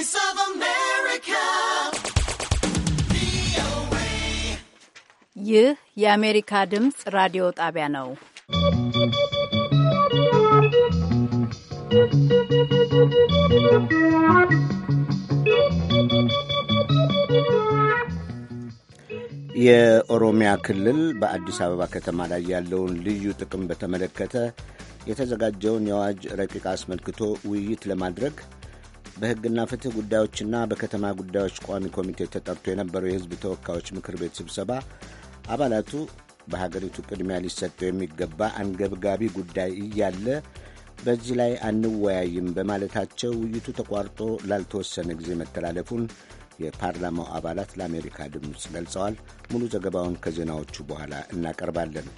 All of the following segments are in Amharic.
Voice of America. ይህ የአሜሪካ ድምፅ ራዲዮ ጣቢያ ነው። የኦሮሚያ ክልል በአዲስ አበባ ከተማ ላይ ያለውን ልዩ ጥቅም በተመለከተ የተዘጋጀውን የአዋጅ ረቂቅ አስመልክቶ ውይይት ለማድረግ በሕግና ፍትህ ጉዳዮችና በከተማ ጉዳዮች ቋሚ ኮሚቴ ተጠርቶ የነበረው የሕዝብ ተወካዮች ምክር ቤት ስብሰባ አባላቱ በሀገሪቱ ቅድሚያ ሊሰጠው የሚገባ አንገብጋቢ ጉዳይ እያለ በዚህ ላይ አንወያይም በማለታቸው ውይይቱ ተቋርጦ ላልተወሰነ ጊዜ መተላለፉን የፓርላማው አባላት ለአሜሪካ ድምፅ ገልጸዋል። ሙሉ ዘገባውን ከዜናዎቹ በኋላ እናቀርባለን።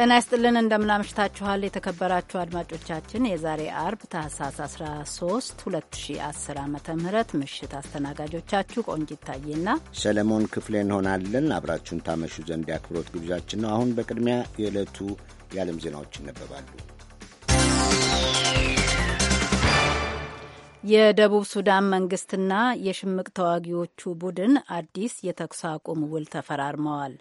ጤና ይስጥልን እንደምናምሽታችኋል የተከበራችሁ አድማጮቻችን የዛሬ አርብ ታህሳስ 13 2010 ዓ ም ምሽት አስተናጋጆቻችሁ ቆንጂት ታዬና ሰለሞን ክፍሌ እንሆናለን። አብራችሁን ታመሹ ዘንድ የአክብሮት ግብዣችን ነው። አሁን በቅድሚያ የዕለቱ የዓለም ዜናዎች ይነበባሉ። የደቡብ ሱዳን መንግስትና የሽምቅ ተዋጊዎቹ ቡድን አዲስ የተኩስ አቁም ውል ተፈራርመዋል።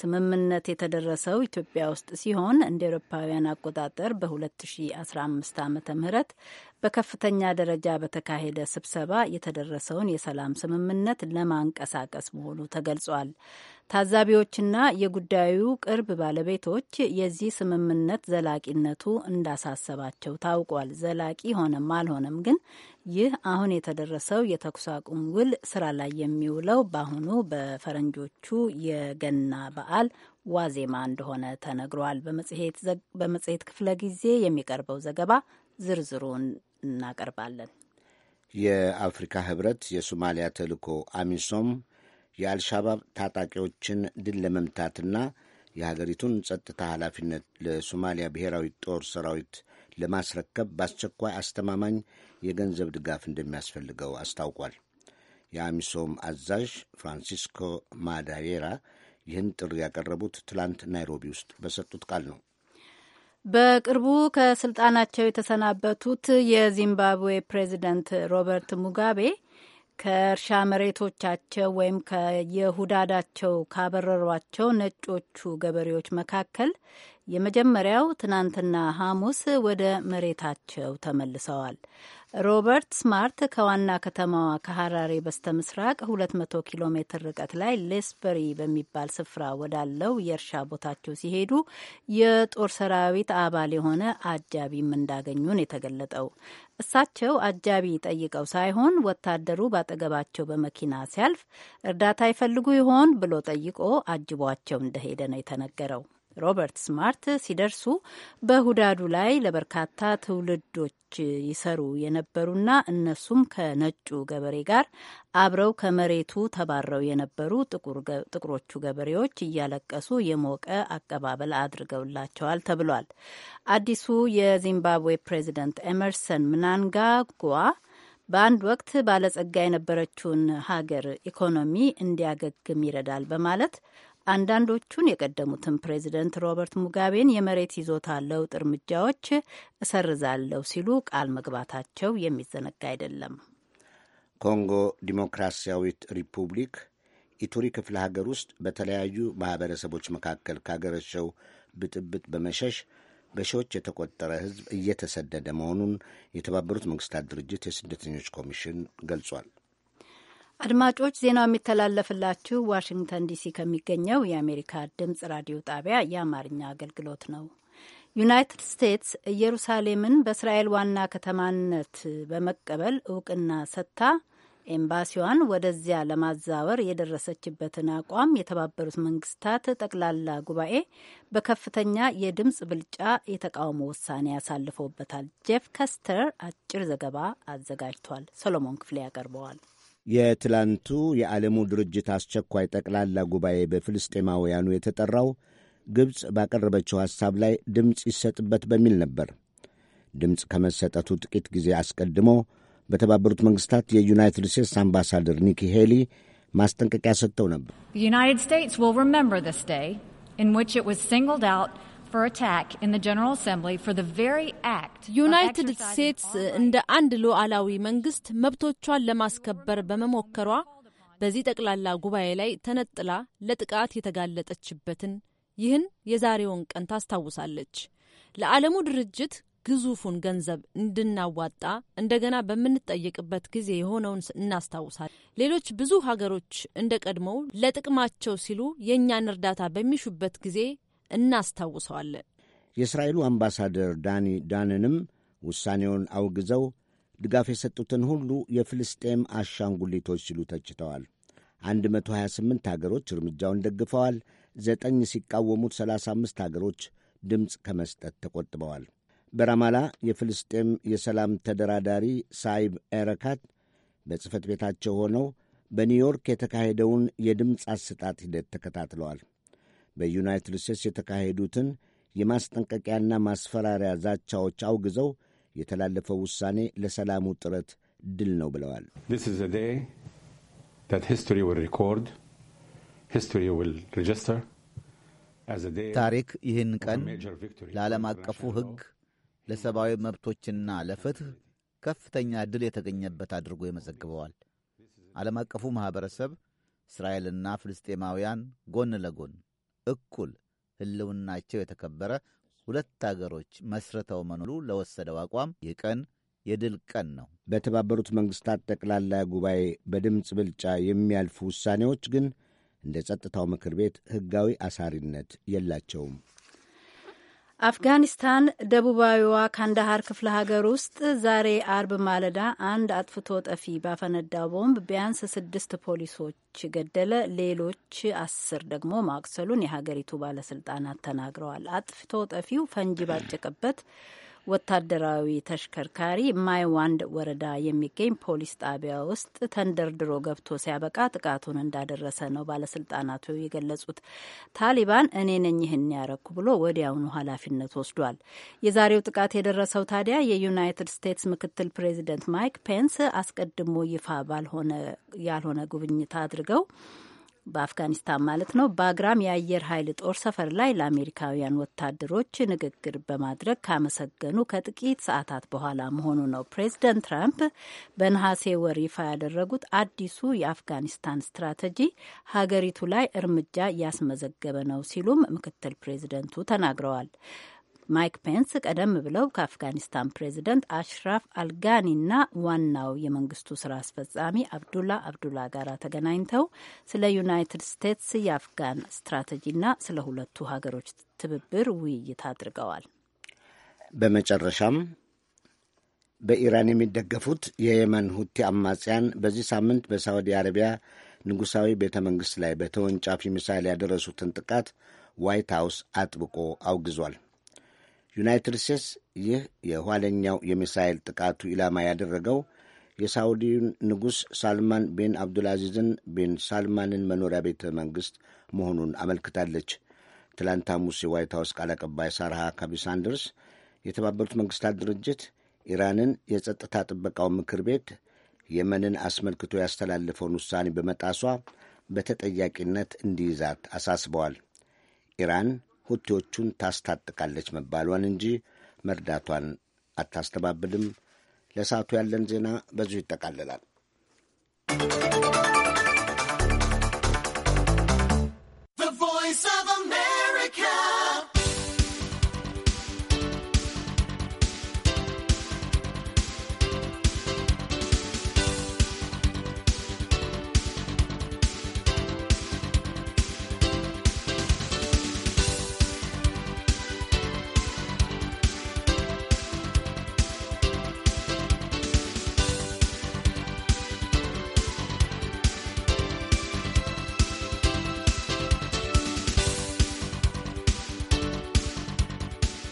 ስምምነት የተደረሰው ኢትዮጵያ ውስጥ ሲሆን እንደ ኤሮፓውያን አቆጣጠር በ2015 ዓ ም በከፍተኛ ደረጃ በተካሄደ ስብሰባ የተደረሰውን የሰላም ስምምነት ለማንቀሳቀስ መሆኑ ተገልጿል። ታዛቢዎችና የጉዳዩ ቅርብ ባለቤቶች የዚህ ስምምነት ዘላቂነቱ እንዳሳሰባቸው ታውቋል። ዘላቂ ሆነም አልሆነም ግን ይህ አሁን የተደረሰው የተኩስ አቁም ውል ስራ ላይ የሚውለው በአሁኑ በፈረንጆቹ የገና በዓል ዋዜማ እንደሆነ ተነግሯል። በመጽሔት ክፍለ ጊዜ የሚቀርበው ዘገባ ዝርዝሩን እናቀርባለን። የአፍሪካ ህብረት የሶማሊያ ተልዕኮ አሚሶም የአልሻባብ ታጣቂዎችን ድል ለመምታትና የሀገሪቱን ጸጥታ ኃላፊነት ለሶማሊያ ብሔራዊ ጦር ሰራዊት ለማስረከብ በአስቸኳይ አስተማማኝ የገንዘብ ድጋፍ እንደሚያስፈልገው አስታውቋል። የአሚሶም አዛዥ ፍራንሲስኮ ማዳቬራ ይህን ጥሪ ያቀረቡት ትላንት ናይሮቢ ውስጥ በሰጡት ቃል ነው። በቅርቡ ከስልጣናቸው የተሰናበቱት የዚምባብዌ ፕሬዚደንት ሮበርት ሙጋቤ ከእርሻ መሬቶቻቸው ወይም ከየሁዳዳቸው ካበረሯቸው ነጮቹ ገበሬዎች መካከል የመጀመሪያው ትናንትና ሐሙስ ወደ መሬታቸው ተመልሰዋል። ሮበርት ስማርት ከዋና ከተማዋ ከሐራሬ በስተ ምስራቅ 200 ኪሎ ሜትር ርቀት ላይ ሌስበሪ በሚባል ስፍራ ወዳለው የእርሻ ቦታቸው ሲሄዱ የጦር ሰራዊት አባል የሆነ አጃቢም እንዳገኙን የተገለጠው እሳቸው አጃቢ ጠይቀው ሳይሆን ወታደሩ ባጠገባቸው በመኪና ሲያልፍ እርዳታ ይፈልጉ ይሆን ብሎ ጠይቆ አጅቧቸው እንደሄደ ነው የተነገረው። ሮበርት ስማርት ሲደርሱ በሁዳዱ ላይ ለበርካታ ትውልዶች ይሰሩ የነበሩና እነሱም ከነጩ ገበሬ ጋር አብረው ከመሬቱ ተባረው የነበሩ ጥቁሮቹ ገበሬዎች እያለቀሱ የሞቀ አቀባበል አድርገውላቸዋል ተብሏል። አዲሱ የዚምባብዌ ፕሬዚደንት ኤመርሰን ምናንጋጓ በአንድ ወቅት ባለጸጋ የነበረችውን ሀገር ኢኮኖሚ እንዲያገግም ይረዳል በማለት አንዳንዶቹን የቀደሙትን ፕሬዚደንት ሮበርት ሙጋቤን የመሬት ይዞታ ለውጥ እርምጃዎች እሰርዛለሁ ሲሉ ቃል መግባታቸው የሚዘነጋ አይደለም። ኮንጎ ዲሞክራሲያዊት ሪፑብሊክ ኢቱሪ ክፍለ ሀገር ውስጥ በተለያዩ ማኅበረሰቦች መካከል ካገረሸው ብጥብጥ በመሸሽ በሺዎች የተቆጠረ ሕዝብ እየተሰደደ መሆኑን የተባበሩት መንግሥታት ድርጅት የስደተኞች ኮሚሽን ገልጿል። አድማጮች ዜናው የሚተላለፍላችሁ ዋሽንግተን ዲሲ ከሚገኘው የአሜሪካ ድምጽ ራዲዮ ጣቢያ የአማርኛ አገልግሎት ነው። ዩናይትድ ስቴትስ ኢየሩሳሌምን በእስራኤል ዋና ከተማነት በመቀበል እውቅና ሰጥታ ኤምባሲዋን ወደዚያ ለማዛወር የደረሰችበትን አቋም የተባበሩት መንግስታት ጠቅላላ ጉባኤ በከፍተኛ የድምፅ ብልጫ የተቃውሞ ውሳኔ ያሳልፈውበታል። ጄፍ ከስተር አጭር ዘገባ አዘጋጅቷል። ሰሎሞን ክፍሌ ያቀርበዋል። የትላንቱ የዓለሙ ድርጅት አስቸኳይ ጠቅላላ ጉባኤ በፍልስጤማውያኑ የተጠራው ግብፅ ባቀረበችው ሐሳብ ላይ ድምፅ ይሰጥበት በሚል ነበር። ድምፅ ከመሰጠቱ ጥቂት ጊዜ አስቀድሞ በተባበሩት መንግሥታት የዩናይትድ ስቴትስ አምባሳደር ኒኪ ሄሊ ማስጠንቀቂያ ሰጥተው ነበር። ዩናይትድ ስቴትስ እንደ አንድ ሉዓላዊ መንግስት መብቶቿን ለማስከበር በመሞከሯ በዚህ ጠቅላላ ጉባኤ ላይ ተነጥላ ለጥቃት የተጋለጠችበትን ይህን የዛሬውን ቀን ታስታውሳለች። ለዓለሙ ድርጅት ግዙፉን ገንዘብ እንድናዋጣ እንደገና በምንጠየቅበት ጊዜ የሆነውን እናስታውሳል ሌሎች ብዙ ሀገሮች እንደ ቀድሞው ለጥቅማቸው ሲሉ የእኛን እርዳታ በሚሹበት ጊዜ እናስታውሰዋለን። የእስራኤሉ አምባሳደር ዳኒ ዳንንም ውሳኔውን አውግዘው ድጋፍ የሰጡትን ሁሉ የፍልስጤም አሻንጉሊቶች ሲሉ ተችተዋል። 128 አገሮች እርምጃውን ደግፈዋል። ዘጠኝ ሲቃወሙት 35 አገሮች ድምፅ ከመስጠት ተቆጥበዋል። በራማላ የፍልስጤም የሰላም ተደራዳሪ ሳይብ ኤረካት በጽሕፈት ቤታቸው ሆነው በኒውዮርክ የተካሄደውን የድምፅ አሰጣጥ ሂደት ተከታትለዋል። በዩናይትድ ስቴትስ የተካሄዱትን የማስጠንቀቂያና ማስፈራሪያ ዛቻዎች አውግዘው የተላለፈው ውሳኔ ለሰላሙ ጥረት ድል ነው ብለዋል። ታሪክ ይህን ቀን ለዓለም አቀፉ ሕግ ለሰብአዊ መብቶችና ለፍትሕ ከፍተኛ ድል የተገኘበት አድርጎ ይመዘግበዋል። ዓለም አቀፉ ማኅበረሰብ እስራኤልና ፍልስጤማውያን ጎን ለጎን እኩል ህልውናቸው የተከበረ ሁለት አገሮች መስርተው መኖሩ ለወሰደው አቋም የቀን የድል ቀን ነው። በተባበሩት መንግስታት ጠቅላላ ጉባኤ በድምፅ ብልጫ የሚያልፉ ውሳኔዎች ግን እንደ ጸጥታው ምክር ቤት ሕጋዊ አሳሪነት የላቸውም። አፍጋኒስታን ደቡባዊዋ ካንዳሃር ክፍለ ሀገር ውስጥ ዛሬ አርብ ማለዳ አንድ አጥፍቶ ጠፊ ባፈነዳው ቦምብ ቢያንስ ስድስት ፖሊሶች ገደለ፣ ሌሎች አስር ደግሞ ማቁሰሉን የሀገሪቱ ባለስልጣናት ተናግረዋል። አጥፍቶ ጠፊው ፈንጂ ባጨቀበት ወታደራዊ ተሽከርካሪ ማይዋንድ ወረዳ የሚገኝ ፖሊስ ጣቢያ ውስጥ ተንደርድሮ ገብቶ ሲያበቃ ጥቃቱን እንዳደረሰ ነው ባለስልጣናቱ የገለጹት። ታሊባን እኔ ነኝ ይህን ያረኩ ብሎ ወዲያውኑ ኃላፊነት ወስዷል። የዛሬው ጥቃት የደረሰው ታዲያ የዩናይትድ ስቴትስ ምክትል ፕሬዚደንት ማይክ ፔንስ አስቀድሞ ይፋ ባልሆነ ያልሆነ ጉብኝት አድርገው በአፍጋኒስታን ማለት ነው። በአግራም የአየር ኃይል ጦር ሰፈር ላይ ለአሜሪካውያን ወታደሮች ንግግር በማድረግ ካመሰገኑ ከጥቂት ሰዓታት በኋላ መሆኑ ነው። ፕሬዚደንት ትራምፕ በነሐሴ ወር ይፋ ያደረጉት አዲሱ የአፍጋኒስታን ስትራቴጂ ሀገሪቱ ላይ እርምጃ እያስመዘገበ ነው ሲሉም ምክትል ፕሬዚደንቱ ተናግረዋል። ማይክ ፔንስ ቀደም ብለው ከአፍጋኒስታን ፕሬዚደንት አሽራፍ አልጋኒና ዋናው የመንግስቱ ስራ አስፈጻሚ አብዱላ አብዱላ ጋር ተገናኝተው ስለ ዩናይትድ ስቴትስ የአፍጋን ስትራቴጂና ስለ ሁለቱ ሀገሮች ትብብር ውይይት አድርገዋል። በመጨረሻም በኢራን የሚደገፉት የየመን ሁቲ አማጽያን በዚህ ሳምንት በሳዑዲ አረቢያ ንጉሣዊ ቤተ መንግሥት ላይ በተወንጫፊ ሚሳይል ያደረሱትን ጥቃት ዋይት ሀውስ አጥብቆ አውግዟል። ዩናይትድ ስቴትስ ይህ የኋለኛው የሚሳኤል ጥቃቱ ኢላማ ያደረገው የሳውዲውን ንጉሥ ሳልማን ቢን አብዱልአዚዝን ቢን ሳልማንን መኖሪያ ቤተ መንግሥት መሆኑን አመልክታለች። ትላንት ሐሙስ የዋይት ሀውስ ቃል አቀባይ ሳራ ካቢ ሳንደርስ የተባበሩት መንግሥታት ድርጅት ኢራንን የጸጥታ ጥበቃው ምክር ቤት የመንን አስመልክቶ ያስተላለፈውን ውሳኔ በመጣሷ በተጠያቂነት እንዲይዛት አሳስበዋል። ኢራን ሁቴዎቹን ታስታጥቃለች መባሏን እንጂ መርዳቷን አታስተባብልም። ለሰዓቱ ያለን ዜና በዚሁ ይጠቃልላል።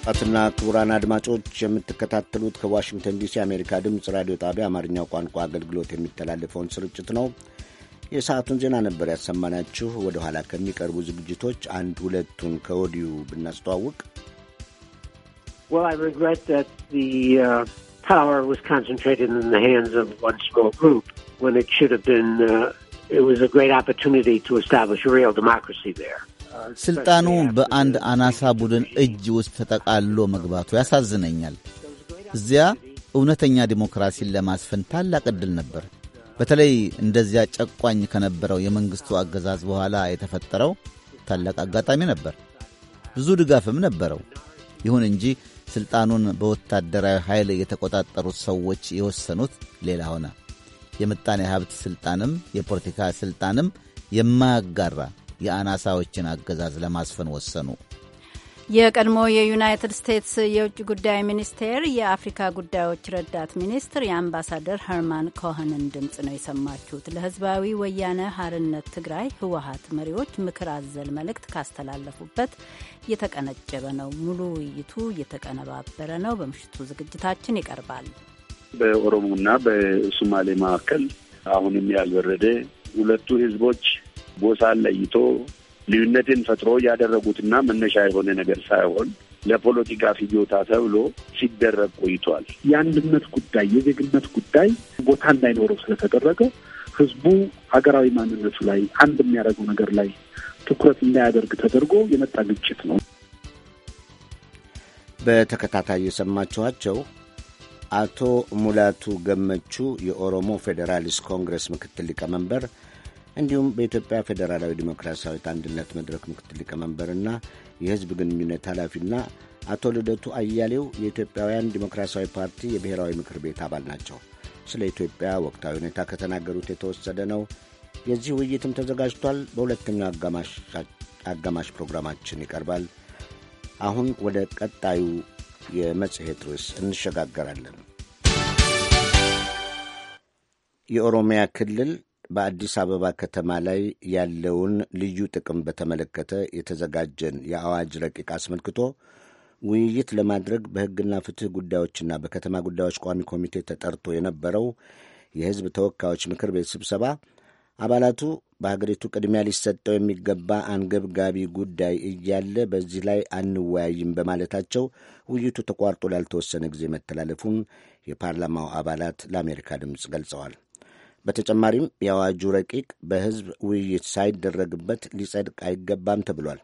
ክቡራትና ክቡራን አድማጮች የምትከታተሉት ከዋሽንግተን ዲሲ የአሜሪካ ድምፅ ራዲዮ ጣቢያ አማርኛው ቋንቋ አገልግሎት የሚተላለፈውን ስርጭት ነው። የሰዓቱን ዜና ነበር ያሰማናችሁ። ወደ ኋላ ከሚቀርቡ ዝግጅቶች አንድ ሁለቱን ከወዲሁ ብናስተዋውቅ ግ ስልጣኑ በአንድ አናሳ ቡድን እጅ ውስጥ ተጠቃሎ መግባቱ ያሳዝነኛል። እዚያ እውነተኛ ዲሞክራሲን ለማስፈን ታላቅ ዕድል ነበር። በተለይ እንደዚያ ጨቋኝ ከነበረው የመንግሥቱ አገዛዝ በኋላ የተፈጠረው ታላቅ አጋጣሚ ነበር። ብዙ ድጋፍም ነበረው። ይሁን እንጂ ሥልጣኑን በወታደራዊ ኃይል የተቆጣጠሩት ሰዎች የወሰኑት ሌላ ሆነ። የምጣኔ ሀብት ሥልጣንም የፖለቲካ ሥልጣንም የማያጋራ የአናሳዎችን አገዛዝ ለማስፈን ወሰኑ። የቀድሞ የዩናይትድ ስቴትስ የውጭ ጉዳይ ሚኒስቴር የአፍሪካ ጉዳዮች ረዳት ሚኒስትር የአምባሳደር ሀርማን ኮህንን ድምፅ ነው የሰማችሁት። ለህዝባዊ ወያነ ሀርነት ትግራይ ህወሀት መሪዎች ምክር አዘል መልእክት ካስተላለፉበት እየተቀነጨበ ነው። ሙሉ ውይይቱ እየተቀነባበረ ነው። በምሽቱ ዝግጅታችን ይቀርባል። በኦሮሞና በሶማሌ መካከል አሁንም ያልበረደ ሁለቱ ህዝቦች ጎሳን ለይቶ ልዩነትን ፈጥሮ ያደረጉትና መነሻ የሆነ ነገር ሳይሆን ለፖለቲካ ፍጆታ ተብሎ ሲደረግ ቆይቷል። የአንድነት ጉዳይ የዜግነት ጉዳይ ቦታ እንዳይኖረው ስለተደረገ ህዝቡ ሀገራዊ ማንነቱ ላይ አንድ የሚያደርገው ነገር ላይ ትኩረት እንዳያደርግ ተደርጎ የመጣ ግጭት ነው። በተከታታይ የሰማችኋቸው አቶ ሙላቱ ገመቹ የኦሮሞ ፌዴራሊስት ኮንግረስ ምክትል ሊቀመንበር እንዲሁም በኢትዮጵያ ፌዴራላዊ ዲሞክራሲያዊት አንድነት መድረክ ምክትል ሊቀመንበርና የህዝብ ግንኙነት ኃላፊና አቶ ልደቱ አያሌው የኢትዮጵያውያን ዲሞክራሲያዊ ፓርቲ የብሔራዊ ምክር ቤት አባል ናቸው። ስለ ኢትዮጵያ ወቅታዊ ሁኔታ ከተናገሩት የተወሰደ ነው። የዚህ ውይይትም ተዘጋጅቷል። በሁለተኛው አጋማሽ ፕሮግራማችን ይቀርባል። አሁን ወደ ቀጣዩ የመጽሔት ርዕስ እንሸጋገራለን። የኦሮሚያ ክልል በአዲስ አበባ ከተማ ላይ ያለውን ልዩ ጥቅም በተመለከተ የተዘጋጀን የአዋጅ ረቂቅ አስመልክቶ ውይይት ለማድረግ በሕግና ፍትሕ ጉዳዮችና በከተማ ጉዳዮች ቋሚ ኮሚቴ ተጠርቶ የነበረው የሕዝብ ተወካዮች ምክር ቤት ስብሰባ አባላቱ በሀገሪቱ ቅድሚያ ሊሰጠው የሚገባ አንገብጋቢ ጉዳይ እያለ በዚህ ላይ አንወያይም በማለታቸው ውይይቱ ተቋርጦ ላልተወሰነ ጊዜ መተላለፉን የፓርላማው አባላት ለአሜሪካ ድምፅ ገልጸዋል። በተጨማሪም የአዋጁ ረቂቅ በሕዝብ ውይይት ሳይደረግበት ሊጸድቅ አይገባም ተብሏል።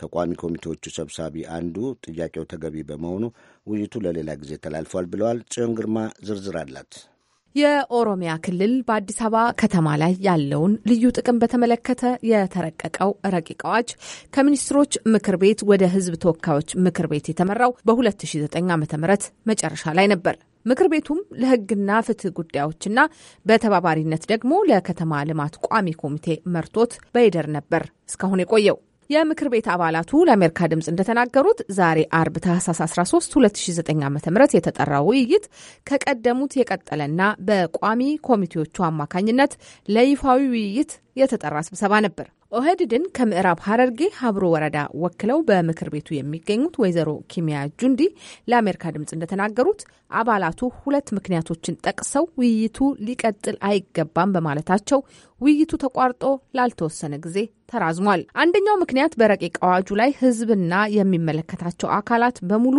ከቋሚ ኮሚቴዎቹ ሰብሳቢ አንዱ ጥያቄው ተገቢ በመሆኑ ውይይቱ ለሌላ ጊዜ ተላልፏል ብለዋል። ጽዮን ግርማ ዝርዝር አላት። የኦሮሚያ ክልል በአዲስ አበባ ከተማ ላይ ያለውን ልዩ ጥቅም በተመለከተ የተረቀቀው ረቂቅ አዋጅ ከሚኒስትሮች ምክር ቤት ወደ ህዝብ ተወካዮች ምክር ቤት የተመራው በ2009 ም መጨረሻ ላይ ነበር። ምክር ቤቱም ለሕግና ፍትህ ጉዳዮችና በተባባሪነት ደግሞ ለከተማ ልማት ቋሚ ኮሚቴ መርቶት በይደር ነበር እስካሁን የቆየው። የምክር ቤት አባላቱ ለአሜሪካ ድምፅ እንደተናገሩት ዛሬ አርብ ታህሳስ 13 2009 ዓ ም የተጠራው ውይይት ከቀደሙት የቀጠለና በቋሚ ኮሚቴዎቹ አማካኝነት ለይፋዊ ውይይት የተጠራ ስብሰባ ነበር። ኦህድድን ከምዕራብ ሀረርጌ ሀብሮ ወረዳ ወክለው በምክር ቤቱ የሚገኙት ወይዘሮ ኪሚያ ጁንዲ ለአሜሪካ ድምፅ እንደተናገሩት አባላቱ ሁለት ምክንያቶችን ጠቅሰው ውይይቱ ሊቀጥል አይገባም በማለታቸው ውይይቱ ተቋርጦ ላልተወሰነ ጊዜ ተራዝሟል። አንደኛው ምክንያት በረቂቅ አዋጁ ላይ ሕዝብና የሚመለከታቸው አካላት በሙሉ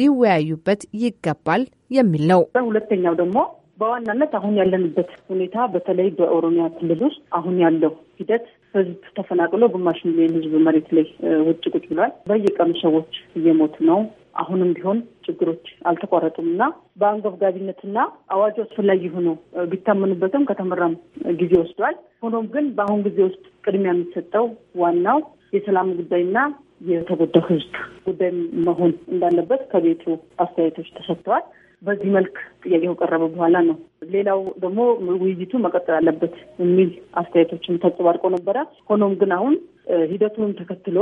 ሊወያዩበት ይገባል የሚል ነው። ሁለተኛው ደግሞ በዋናነት አሁን ያለንበት ሁኔታ በተለይ በኦሮሚያ ክልል ውስጥ አሁን ያለው ሂደት ህዝብ ተፈናቅሎ ግማሽ ሚሊዮን ህዝብ መሬት ላይ ውጭ ቁጭ ብሏል። በየቀኑ ሰዎች እየሞቱ ነው። አሁንም ቢሆን ችግሮች አልተቋረጡም እና በአንገብጋቢነትና አዋጁ አስፈላጊ ሆኖ ቢታመኑበትም ከተመራም ጊዜ ወስዷል። ሆኖም ግን በአሁን ጊዜ ውስጥ ቅድሚያ የሚሰጠው ዋናው የሰላም ጉዳይና የተጎዳው ህዝብ ጉዳይ መሆን እንዳለበት ከቤቱ አስተያየቶች ተሰጥተዋል። በዚህ መልክ ጥያቄው ከቀረበ በኋላ ነው። ሌላው ደግሞ ውይይቱ መቀጠል አለበት የሚል አስተያየቶችን ተንጸባርቆ ነበረ። ሆኖም ግን አሁን ሂደቱንም ተከትሎ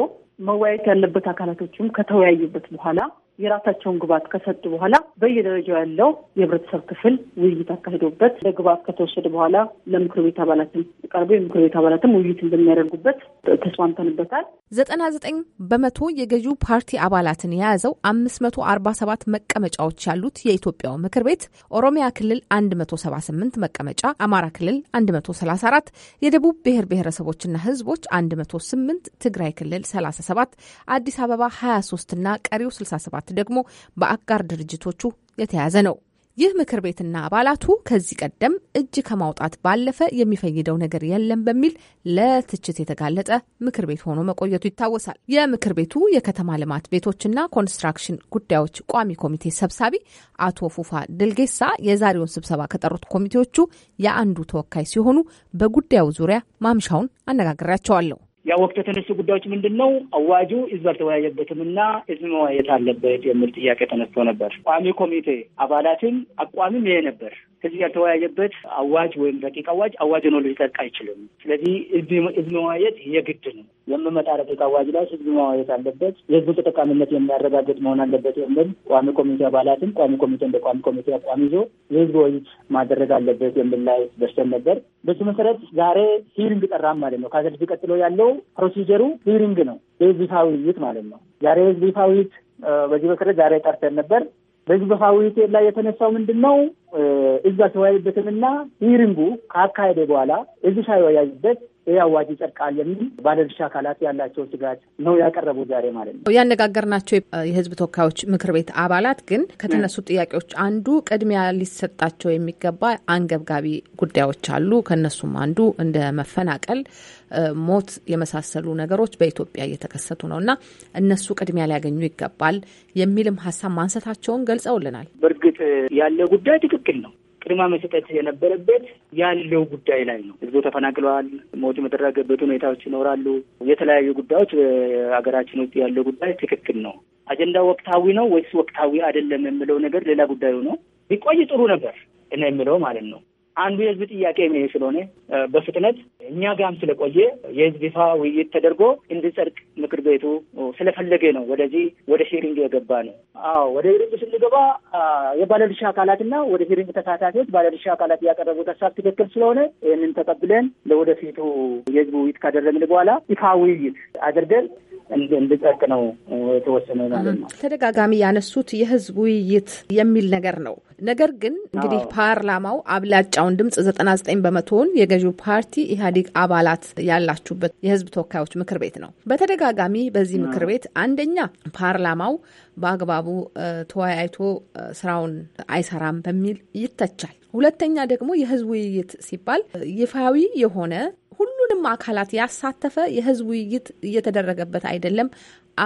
መወያየት ያለበት አካላቶችም ከተወያዩበት በኋላ የራሳቸውን ግብዓት ከሰጡ በኋላ በየደረጃው ያለው የህብረተሰብ ክፍል ውይይት አካሂዶበት ለግብዓት ከተወሰደ በኋላ ለምክር ቤት አባላትም ቀርቦ የምክር ቤት አባላትም ውይይት እንደሚያደርጉበት ተስማምተንበታል። ዘጠና ዘጠኝ በመቶ የገዢው ፓርቲ አባላትን የያዘው አምስት መቶ አርባ ሰባት መቀመጫዎች ያሉት የኢትዮጵያው ምክር ቤት ኦሮሚያ ክልል አንድ መቶ ሰባ ስምንት መቀመጫ፣ አማራ ክልል አንድ መቶ ሰላሳ አራት የደቡብ ብሔር ብሔረሰቦችና ህዝቦች አንድ መቶ ስምንት ትግራይ ክልል ሰላሳ ሰባት አዲስ አበባ ሀያ ሶስት ና ቀሪው ስልሳ ሰባት 2017 ደግሞ በአጋር ድርጅቶቹ የተያዘ ነው። ይህ ምክር ቤትና አባላቱ ከዚህ ቀደም እጅ ከማውጣት ባለፈ የሚፈይደው ነገር የለም በሚል ለትችት የተጋለጠ ምክር ቤት ሆኖ መቆየቱ ይታወሳል። የምክር ቤቱ የከተማ ልማት ቤቶችና ኮንስትራክሽን ጉዳዮች ቋሚ ኮሚቴ ሰብሳቢ አቶ ፉፋ ድልጌሳ የዛሬውን ስብሰባ ከጠሩት ኮሚቴዎቹ የአንዱ ተወካይ ሲሆኑ በጉዳዩ ዙሪያ ማምሻውን አነጋግሬያቸዋለሁ። ያ ያወቅት የተነሱ ጉዳዮች ምንድን ነው? አዋጁ ህዝብ አልተወያየበትም እና ህዝብ መወያየት አለበት የሚል ጥያቄ ተነስቶ ነበር። ቋሚ ኮሚቴ አባላትም አቋምም ይሄ ነበር። ህዝብ ያልተወያየበት አዋጅ ወይም ረቂቅ አዋጅ አዋጅ ነው ሊጸድቅ አይችልም። ስለዚህ ህዝብ መወያየት የግድ ነው። የምመጣ ረቂቅ አዋጅ ላይ ህዝብ መወያየት አለበት፣ የህዝቡ ተጠቃሚነት የሚያረጋግጥ መሆን አለበት የሚል ቋሚ ኮሚቴ አባላትም ቋሚ ኮሚቴ እንደ ቋሚ ኮሚቴ አቋም ይዞ የህዝብ ውይይት ማድረግ አለበት የሚል ላይ ደርሰን ነበር። በዚህ መሰረት ዛሬ ሂሪንግ ጠራም ማለት ነው ከዚህ ቀጥሎ ያለው ፕሮሲጀሩ ሂሪንግ ነው። የህዝብ ውይይት ማለት ነው። ዛሬ የህዝብ ውይይት በዚህ መሰረት ዛሬ ጠርተን ነበር። በህዝብ ውይይት ላይ የተነሳው ምንድን ነው? እዛ ተወያይበትንና ሂሪንጉ ከአካሄደ በኋላ እዚ ሳይወያይበት ይህ አዋጅ ይጸድቃል የሚል ባለድርሻ አካላት ያላቸው ስጋት ነው ያቀረቡ ዛሬ ማለት ነው። ያነጋገርናቸው የህዝብ ተወካዮች ምክር ቤት አባላት ግን ከተነሱ ጥያቄዎች አንዱ ቅድሚያ ሊሰጣቸው የሚገባ አንገብጋቢ ጉዳዮች አሉ። ከነሱም አንዱ እንደ መፈናቀል፣ ሞት የመሳሰሉ ነገሮች በኢትዮጵያ እየተከሰቱ ነው እና እነሱ ቅድሚያ ሊያገኙ ይገባል የሚልም ሀሳብ ማንሳታቸውን ገልጸውልናል። በእርግጥ ያለ ጉዳይ ትክክል ነው። ቅድማ መሰጠት የነበረበት ያለው ጉዳይ ላይ ነው። ህዝቡ ተፈናቅለዋል። ሞት የተደረገበት ሁኔታዎች ይኖራሉ። የተለያዩ ጉዳዮች በሀገራችን ውስጥ ያለው ጉዳይ ትክክል ነው። አጀንዳው ወቅታዊ ነው ወይስ ወቅታዊ አይደለም የሚለው ነገር ሌላ ጉዳዩ ነው። ቢቆይ ጥሩ ነበር እኔ የምለው ማለት ነው። አንዱ የህዝብ ጥያቄ ነው ስለሆነ በፍጥነት እኛ ጋም ስለቆየ የህዝብ ይፋ ውይይት ተደርጎ እንዲጸድቅ ምክር ቤቱ ስለፈለገ ነው ወደዚህ ወደ ሂሪንግ የገባ ነው። አዎ ወደ ሂሪንግ ስንገባ የባለድርሻ አካላትና ወደ ሂሪንግ ተሳታፊዎች ባለድርሻ አካላት ያቀረቡት ሀሳብ ትክክል ስለሆነ ይህንን ተቀብለን ለወደፊቱ የህዝብ ውይይት ካደረግን በኋላ ይፋ ውይይት አድርገን እንድጸድቅ ነው የተወሰነ ማለት ነው። ተደጋጋሚ ያነሱት የህዝብ ውይይት የሚል ነገር ነው። ነገር ግን እንግዲህ ፓርላማው አብላጫውን ድምጽ 99 በመቶውን የገዢው ፓርቲ ኢህአዴግ አባላት ያላችሁበት የህዝብ ተወካዮች ምክር ቤት ነው። በተደጋጋሚ በዚህ ምክር ቤት አንደኛ ፓርላማው በአግባቡ ተወያይቶ ስራውን አይሰራም በሚል ይተቻል። ሁለተኛ ደግሞ የህዝብ ውይይት ሲባል ይፋዊ የሆነ ሁሉንም አካላት ያሳተፈ የህዝብ ውይይት እየተደረገበት አይደለም።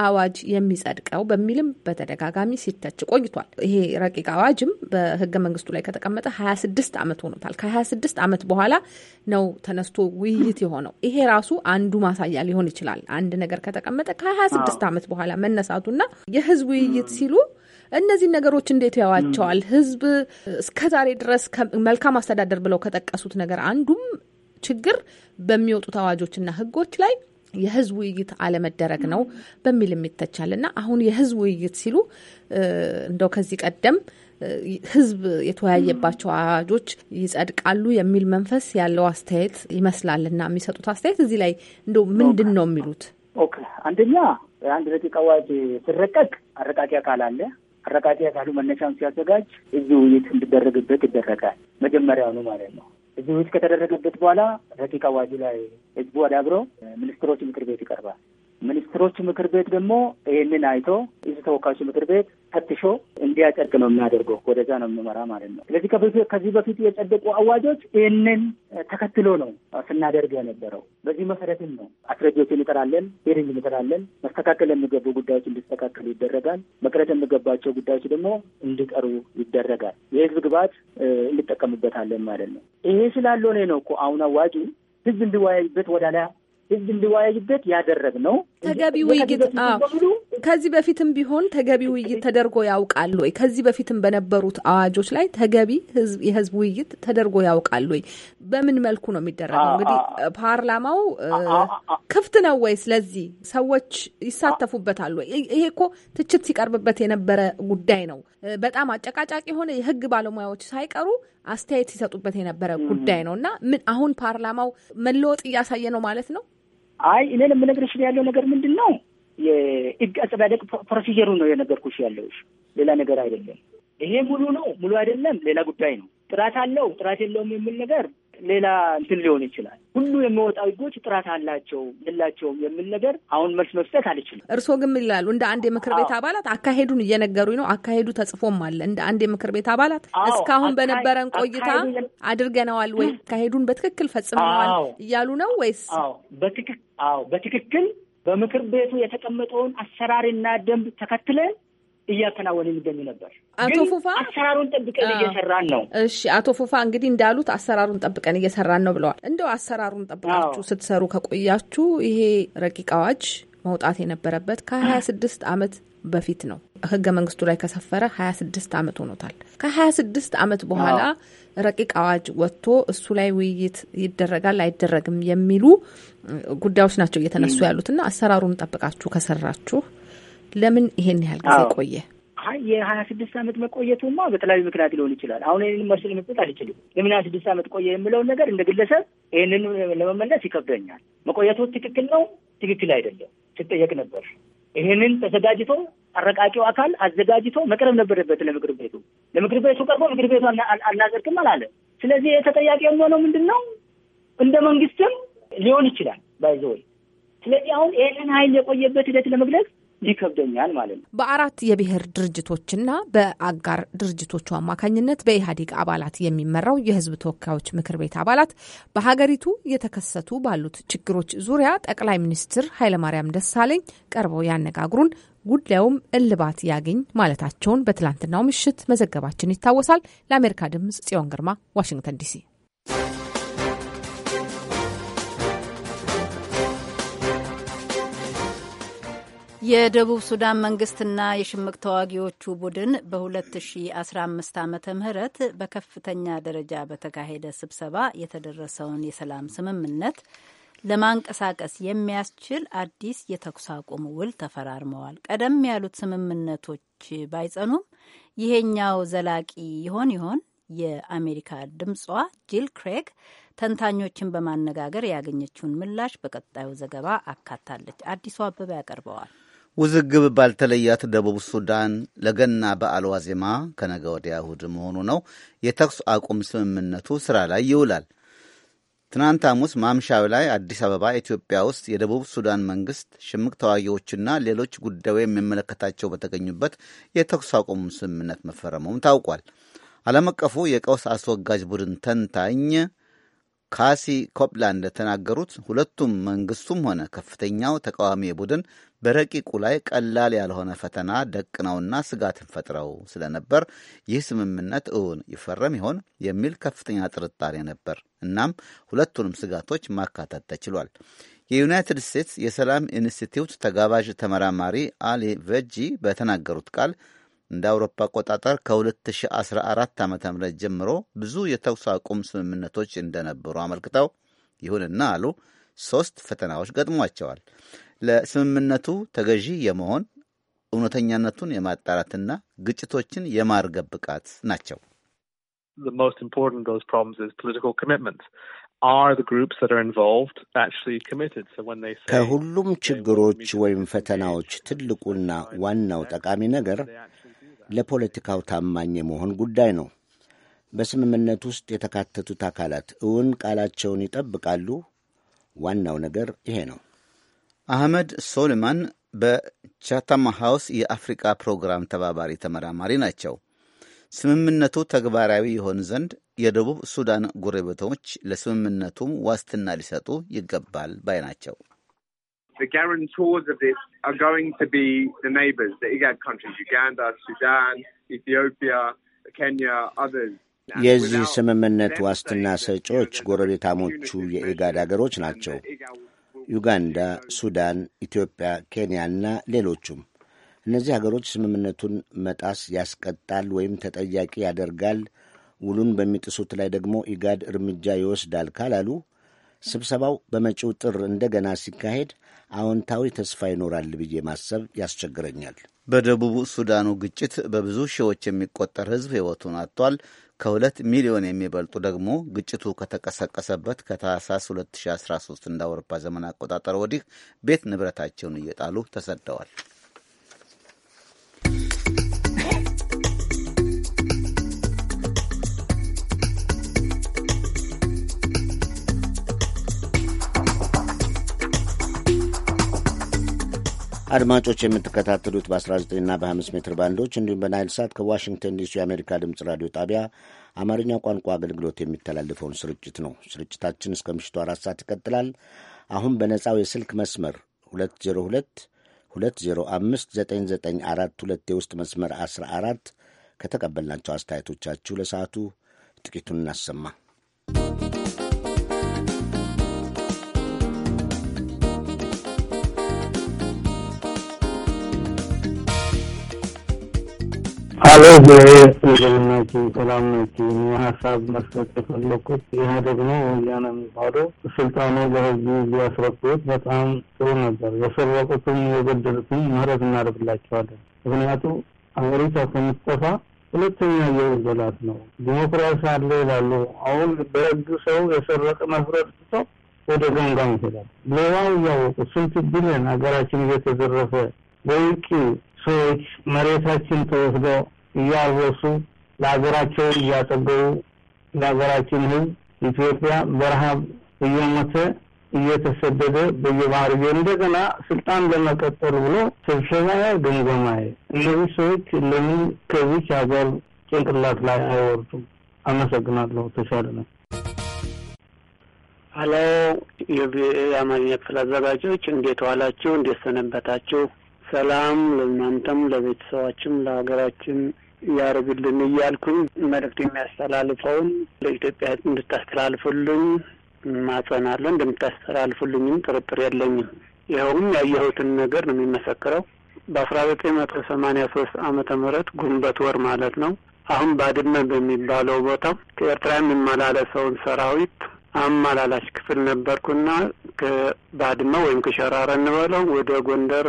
አዋጅ የሚጸድቀው በሚልም በተደጋጋሚ ሲተች ቆይቷል። ይሄ ረቂቅ አዋጅም በህገ መንግስቱ ላይ ከተቀመጠ 26 ዓመት ሆኖታል። ከ26 ዓመት በኋላ ነው ተነስቶ ውይይት የሆነው። ይሄ ራሱ አንዱ ማሳያ ሊሆን ይችላል። አንድ ነገር ከተቀመጠ ከ26 ዓመት በኋላ መነሳቱና የህዝብ ውይይት ሲሉ እነዚህን ነገሮች እንዴት ያዋቸዋል? ህዝብ እስከዛሬ ድረስ መልካም አስተዳደር ብለው ከጠቀሱት ነገር አንዱም ችግር በሚወጡት አዋጆችና ህጎች ላይ የህዝብ ውይይት አለመደረግ ነው በሚልም ይተቻል እና አሁን የህዝብ ውይይት ሲሉ እንደው ከዚህ ቀደም ህዝብ የተወያየባቸው አዋጆች ይጸድቃሉ የሚል መንፈስ ያለው አስተያየት ይመስላል እና የሚሰጡት አስተያየት እዚህ ላይ እንደው ምንድን ነው የሚሉት? ኦኬ አንደኛ የአንድ ረቂቅ አዋጅ ሲረቀቅ አረቃቂ አካል አለ። አረቃቂ አካሉ መነሻውን ሲያዘጋጅ እዚህ ውይይት እንዲደረግበት ይደረጋል። መጀመሪያውኑ ማለት ነው። እዚህ ውጭ ከተደረገበት በኋላ ረቂቅ አዋጁ ላይ ህዝቡ አዳብረው ሚኒስትሮች ምክር ቤት ይቀርባል። ሚኒስትሮች ምክር ቤት ደግሞ ይህንን አይቶ የህዝብ ተወካዮች ምክር ቤት ፈትሾ እንዲያጸድቅ ነው የሚያደርገው። ወደዛ ነው የሚመራ ማለት ነው። ስለዚህ ከዚህ በፊት የጸደቁ አዋጆች ይህንን ተከትሎ ነው ስናደርግ የነበረው። በዚህ መሰረትም ነው አስረጆችን እንጠራለን፣ ሄድንግ እንጠራለን። መስተካከል የሚገቡ ጉዳዮች እንዲስተካከሉ ይደረጋል። መቅረት የሚገባቸው ጉዳዮች ደግሞ እንዲቀሩ ይደረጋል። የህዝብ ግብዓት እንጠቀምበታለን ማለት ነው። ይሄ ስላልሆነ ነው እኮ አሁን አዋጁ ህዝብ እንዲወያይበት ወደ ላይ ህዝብ እንዲወያይበት ነው። ተገቢ ውይይት ከዚህ በፊትም ቢሆን ተገቢ ውይይት ተደርጎ ያውቃል ወይ? ከዚህ በፊትም በነበሩት አዋጆች ላይ ተገቢ የህዝብ ውይይት ተደርጎ ያውቃል ወይ? በምን መልኩ ነው የሚደረገው? እንግዲህ ፓርላማው ክፍት ነው ወይ? ስለዚህ ሰዎች ይሳተፉበታል ወይ? ይሄ እኮ ትችት ሲቀርብበት የነበረ ጉዳይ ነው። በጣም አጨቃጫቂ የሆነ የህግ ባለሙያዎች ሳይቀሩ አስተያየት ሲሰጡበት የነበረ ጉዳይ ነው እና ምን አሁን ፓርላማው መለወጥ እያሳየ ነው ማለት ነው። አይ እኔን የምነግርሽ ያለው ነገር ምንድን ነው የህግ አጸዳደቅ ፕሮሲጀሩ ነው የነገርኩሽ ያለውሽ ሌላ ነገር አይደለም። ይሄ ሙሉ ነው ሙሉ አይደለም ሌላ ጉዳይ ነው። ጥራት አለው ጥራት የለውም የሚል ነገር ሌላ እንትን ሊሆን ይችላል። ሁሉ የሚወጣው ህጎች ጥራት አላቸው የላቸውም የሚል ነገር አሁን መልስ መስጠት አልችልም። እርስዎ ግን ምን ይላሉ? እንደ አንድ የምክር ቤት አባላት አካሄዱን እየነገሩኝ ነው። አካሄዱ ተጽፎም አለ። እንደ አንድ የምክር ቤት አባላት እስካሁን በነበረን ቆይታ አድርገነዋል ወይ አካሄዱን በትክክል ፈጽመዋል እያሉ ነው ወይስ? አዎ በትክክል በምክር ቤቱ የተቀመጠውን አሰራርና ደንብ ተከትለን እያከናወን ይገኙ ነበር። አቶ ፉፋ አሰራሩን ጠብቀን እየሰራን ነው። እሺ፣ አቶ ፉፋ እንግዲህ እንዳሉት አሰራሩን ጠብቀን እየሰራን ነው ብለዋል። እንደው አሰራሩን ጠብቃችሁ ስትሰሩ ከቆያችሁ ይሄ ረቂቅ አዋጅ መውጣት የነበረበት ከሀያ ስድስት አመት በፊት ነው። ህገ መንግስቱ ላይ ከሰፈረ 26 ዓመት ሆኖታል። ከ26 ዓመት በኋላ ረቂቅ አዋጅ ወጥቶ እሱ ላይ ውይይት ይደረጋል አይደረግም የሚሉ ጉዳዮች ናቸው እየተነሱ ያሉትና አሰራሩን ጠብቃችሁ ከሰራችሁ ለምን ይሄን ያህል ጊዜ ቆየ? የሀያ ስድስት ዓመት መቆየቱማ በተለያዩ ምክንያት ሊሆን ይችላል። አሁን ይህን መስል መስጠት አልችልም። ለምን ሀያ ስድስት ዓመት ቆየ የምለውን ነገር እንደ ግለሰብ ይህንን ለመመለስ ይከብደኛል። መቆየቱ ትክክል ነው፣ ትክክል አይደለም ስጠየቅ ነበር። ይህንን ተዘጋጅቶ አረቃቂው አካል አዘጋጅቶ መቅረብ ነበረበት ለምክር ቤቱ። ለምክር ቤቱ ቀርቦ ምክር ቤቱ አናጸድቅም አላለ። ስለዚህ የተጠያቂ የሚሆነው ምንድን ነው? እንደ መንግስትም ሊሆን ይችላል ባይዘወይ። ስለዚህ አሁን ይህንን ሀይል የቆየበት ሂደት ለመግለጽ ይከብደኛል ማለት ነው። በአራት የብሔር ድርጅቶችና በአጋር ድርጅቶቹ አማካኝነት በኢህአዴግ አባላት የሚመራው የህዝብ ተወካዮች ምክር ቤት አባላት በሀገሪቱ የተከሰቱ ባሉት ችግሮች ዙሪያ ጠቅላይ ሚኒስትር ኃይለማርያም ደሳለኝ ቀርበው ያነጋግሩን ጉዳዩም እልባት ያገኝ ማለታቸውን በትላንትናው ምሽት መዘገባችን ይታወሳል። ለአሜሪካ ድምጽ ጽዮን ግርማ ዋሽንግተን ዲሲ የደቡብ ሱዳን መንግስትና የሽምቅ ተዋጊዎቹ ቡድን በ2015 ዓ ም በከፍተኛ ደረጃ በተካሄደ ስብሰባ የተደረሰውን የሰላም ስምምነት ለማንቀሳቀስ የሚያስችል አዲስ የተኩስ አቁም ውል ተፈራርመዋል። ቀደም ያሉት ስምምነቶች ባይጸኑም ይሄኛው ዘላቂ ይሆን ይሆን? የአሜሪካ ድምጿ ጂል ክሬግ ተንታኞችን በማነጋገር ያገኘችውን ምላሽ በቀጣዩ ዘገባ አካታለች። አዲሱ አበበ ያቀርበዋል። ውዝግብ ባልተለያት ደቡብ ሱዳን ለገና በዓል ዋዜማ ከነገ ወዲያ እሁድ መሆኑ ነው የተኩስ አቁም ስምምነቱ ስራ ላይ ይውላል። ትናንት ሐሙስ ማምሻው ላይ አዲስ አበባ ኢትዮጵያ ውስጥ የደቡብ ሱዳን መንግስት ሽምቅ ተዋጊዎችና ሌሎች ጉዳዩ የሚመለከታቸው በተገኙበት የተኩስ አቁም ስምምነት መፈረሙም ታውቋል። ዓለም አቀፉ የቀውስ አስወጋጅ ቡድን ተንታኝ ካሲ ኮፕላንድ እንደተናገሩት ሁለቱም መንግስቱም ሆነ ከፍተኛው ተቃዋሚ ቡድን በረቂቁ ላይ ቀላል ያልሆነ ፈተና ደቅነውና ስጋትን ፈጥረው ስለነበር ይህ ስምምነት እውን ይፈረም ይሆን የሚል ከፍተኛ ጥርጣሬ ነበር። እናም ሁለቱንም ስጋቶች ማካተት ተችሏል። የዩናይትድ ስቴትስ የሰላም ኢንስቲትዩት ተጋባዥ ተመራማሪ አሊ ቬጂ በተናገሩት ቃል እንደ አውሮፓ አቆጣጠር ከ2014 ዓ ም ጀምሮ ብዙ የተኩስ አቁም ስምምነቶች እንደነበሩ አመልክተው፣ ይሁንና አሉ ሶስት ፈተናዎች ገጥሟቸዋል። ለስምምነቱ ተገዢ የመሆን እውነተኛነቱን የማጣራትና ግጭቶችን የማርገብ ብቃት ናቸው። ከሁሉም ችግሮች ወይም ፈተናዎች ትልቁና ዋናው ጠቃሚ ነገር ለፖለቲካው ታማኝ የመሆን ጉዳይ ነው። በስምምነት ውስጥ የተካተቱት አካላት እውን ቃላቸውን ይጠብቃሉ። ዋናው ነገር ይሄ ነው። አህመድ ሶሊማን በቻታማ ሃውስ የአፍሪቃ ፕሮግራም ተባባሪ ተመራማሪ ናቸው። ስምምነቱ ተግባራዊ ይሆን ዘንድ የደቡብ ሱዳን ጎረቤቶች ለስምምነቱም ዋስትና ሊሰጡ ይገባል ባይ ናቸው። የዚህ ስምምነት ዋስትና ሰጪዎች ጎረቤታሞቹ የኢጋድ አገሮች ናቸው። ዩጋንዳ፣ ሱዳን፣ ኢትዮጵያ፣ ኬንያና ሌሎቹም። እነዚህ ሀገሮች ስምምነቱን መጣስ ያስቀጣል ወይም ተጠያቂ ያደርጋል፣ ውሉን በሚጥሱት ላይ ደግሞ ኢጋድ እርምጃ ይወስዳል ካላሉ ስብሰባው በመጪው ጥር እንደገና ሲካሄድ አዎንታዊ ተስፋ ይኖራል ብዬ ማሰብ ያስቸግረኛል። በደቡብ ሱዳኑ ግጭት በብዙ ሺዎች የሚቆጠር ሕዝብ ሕይወቱን አጥቷል። ከሁለት ሚሊዮን የሚበልጡ ደግሞ ግጭቱ ከተቀሰቀሰበት ከታህሳስ 2013 እንደ አውሮፓ ዘመን አቆጣጠር ወዲህ ቤት ንብረታቸውን እየጣሉ ተሰደዋል። አድማጮች የምትከታተሉት በ19ና በ5 ሜትር ባንዶች እንዲሁም በናይል ሳት ከዋሽንግተን ዲሲ የአሜሪካ ድምፅ ራዲዮ ጣቢያ አማርኛ ቋንቋ አገልግሎት የሚተላለፈውን ስርጭት ነው። ስርጭታችን እስከ ምሽቱ አራት ሰዓት ይቀጥላል። አሁን በነፃው የስልክ መስመር 202 የውስጥ መስመር 14 ከተቀበልናቸው አስተያየቶቻችሁ ለሰዓቱ ጥቂቱን እናሰማ። አሎ እንደምናችሁ፣ ሰላም ናችሁ? ሀሳብ መስጠት የፈለኩት ኢህአዴግ ደግሞ ወያነ የሚባለው ስልጣኑ በህዝቡ ቢያስረኩት በጣም ጥሩ ነበር። የሰረቁትም የበደሉትም ምህረት እናደርግላቸዋለን። ምክንያቱ አገሪቷ ከምትጠፋ ሁለተኛ የወንጀላት ነው። ዲሞክራሲ አለ ይላሉ። አሁን በህግ ሰው የሰረቀ መፍረድ ትቶ ወደ ገንጋም ይሄዳል። ሌላው እያወቁ ስንት ቢሊዮን ሀገራችን እየተዘረፈ በውጭ ሰዎች መሬታችን ተወስደው እያወሱ ለሀገራቸው እያጠገቡ ለሀገራችን ህዝብ ኢትዮጵያ በረሃብ እየሞተ እየተሰደደ በየባህር እንደገና ስልጣን ለመቀጠል ብሎ ስብሰባ፣ ግምገማ እነዚህ ሰዎች ለምን ከዚች ሀገር ጭንቅላት ላይ አይወርዱም? አመሰግናለሁ። ተሻለ ነው። ሀሎ፣ የቪኦኤ የአማርኛ ክፍል አዘጋጆች እንዴት ዋላችሁ? እንዴት ሰነበታችሁ? ሰላም ለእናንተም፣ ለቤተሰባችም ለሀገራችን ያደርግልን እያልኩኝ መልእክት የሚያስተላልፈውን ለኢትዮጵያ እንድታስተላልፉልኝ ማጸናለሁ። እንደምታስተላልፉልኝም ጥርጥር የለኝም። ይኸውም ያየሁትን ነገር ነው የሚመሰክረው። በአስራ ዘጠኝ መቶ ሰማኒያ ሶስት አመተ ምህረት ጉንበት ወር ማለት ነው። አሁን ባድመ በሚባለው ቦታ ከኤርትራ የሚመላለሰውን ሰራዊት አማላላሽ ክፍል ነበርኩና ከባድመ ወይም ከሸራረ እንበለው ወደ ጎንደር፣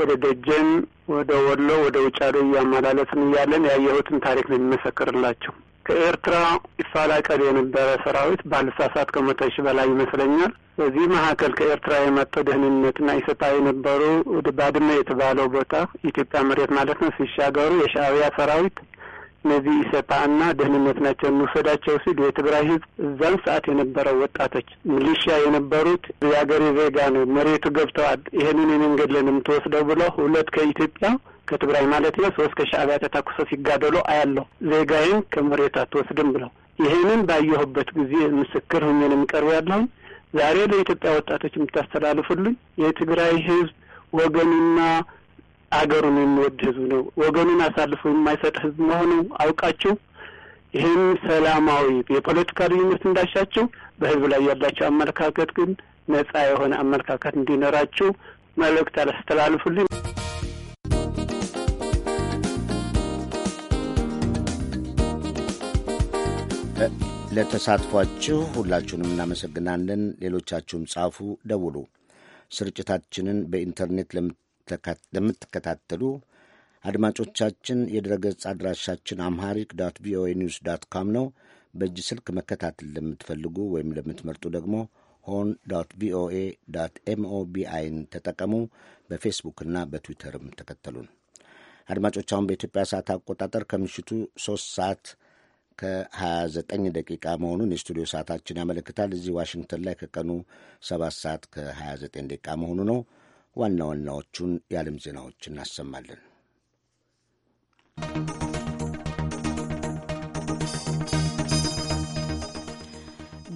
ወደ ደጀን፣ ወደ ወሎ፣ ወደ ውጫሌ እያመላለስን እያለን ያየሁትን ታሪክ ነው የሚመሰክርላቸው። ከኤርትራ ይፈላቀል የነበረ ሰራዊት ባልሳሳት ከመቶ ሺህ በላይ ይመስለኛል። በዚህ መካከል ከኤርትራ የመጣው ደህንነትና ኢሰፓ የነበሩ ወደ ባድመ የተባለው ቦታ ኢትዮጵያ መሬት ማለት ነው ሲሻገሩ የሻእቢያ ሰራዊት እነዚህ ኢሰፓና ደህንነት ናቸው እንውሰዳቸው ሲል የትግራይ ህዝብ እዛን ሰዓት የነበረው ወጣቶች ሚሊሽያ የነበሩት የሀገሬ ዜጋ ነው መሬቱ ገብተዋል፣ ይሄንን ለንም ትወስደው ብሎ ሁለት ከኢትዮጵያ ከትግራይ ማለት ነው ሶስት ከሻእቢያ ተታኩሶ ሲጋደሉ አያለሁ። ዜጋዬን ከመሬት አትወስድም ብለው ይሄንን ባየሁበት ጊዜ ምስክር ሁኜንም ቀርብ ያለሁኝ ዛሬ ለኢትዮጵያ ወጣቶች የምታስተላልፉልኝ የትግራይ ህዝብ ወገንና አገሩን የሚወድ ህዝብ ነው፣ ወገኑን አሳልፎ የማይሰጥ ህዝብ መሆኑ አውቃችሁ ይህም ሰላማዊ የፖለቲካ ልዩነት እንዳሻችሁ በህዝብ ላይ ያላቸው አመለካከት ግን ነጻ የሆነ አመለካከት እንዲኖራችሁ መልእክት አላስተላልፉልኝ። ለተሳትፏችሁ ሁላችሁንም እናመሰግናለን። ሌሎቻችሁም ጻፉ፣ ደውሉ። ስርጭታችንን በኢንተርኔት ለምት ለምትከታተሉ አድማጮቻችን የድረገጽ አድራሻችን አምሃሪክ ዳት ቪኦኤ ኒውስ ዳት ካም ነው። በእጅ ስልክ መከታተል ለምትፈልጉ ወይም ለምትመርጡ ደግሞ ሆን ዶት ቪኦኤ ዳት ኤምኦቢአይን ተጠቀሙ። በፌስቡክና በትዊተርም ተከተሉን። አድማጮች አሁን በኢትዮጵያ ሰዓት አቆጣጠር ከምሽቱ ሶስት ሰዓት ከ29 ደቂቃ መሆኑን የስቱዲዮ ሰዓታችን ያመለክታል። እዚህ ዋሽንግተን ላይ ከቀኑ ሰባት ሰዓት ከ29 ደቂቃ መሆኑ ነው። ዋና ዋናዎቹን የዓለም ዜናዎች እናሰማለን።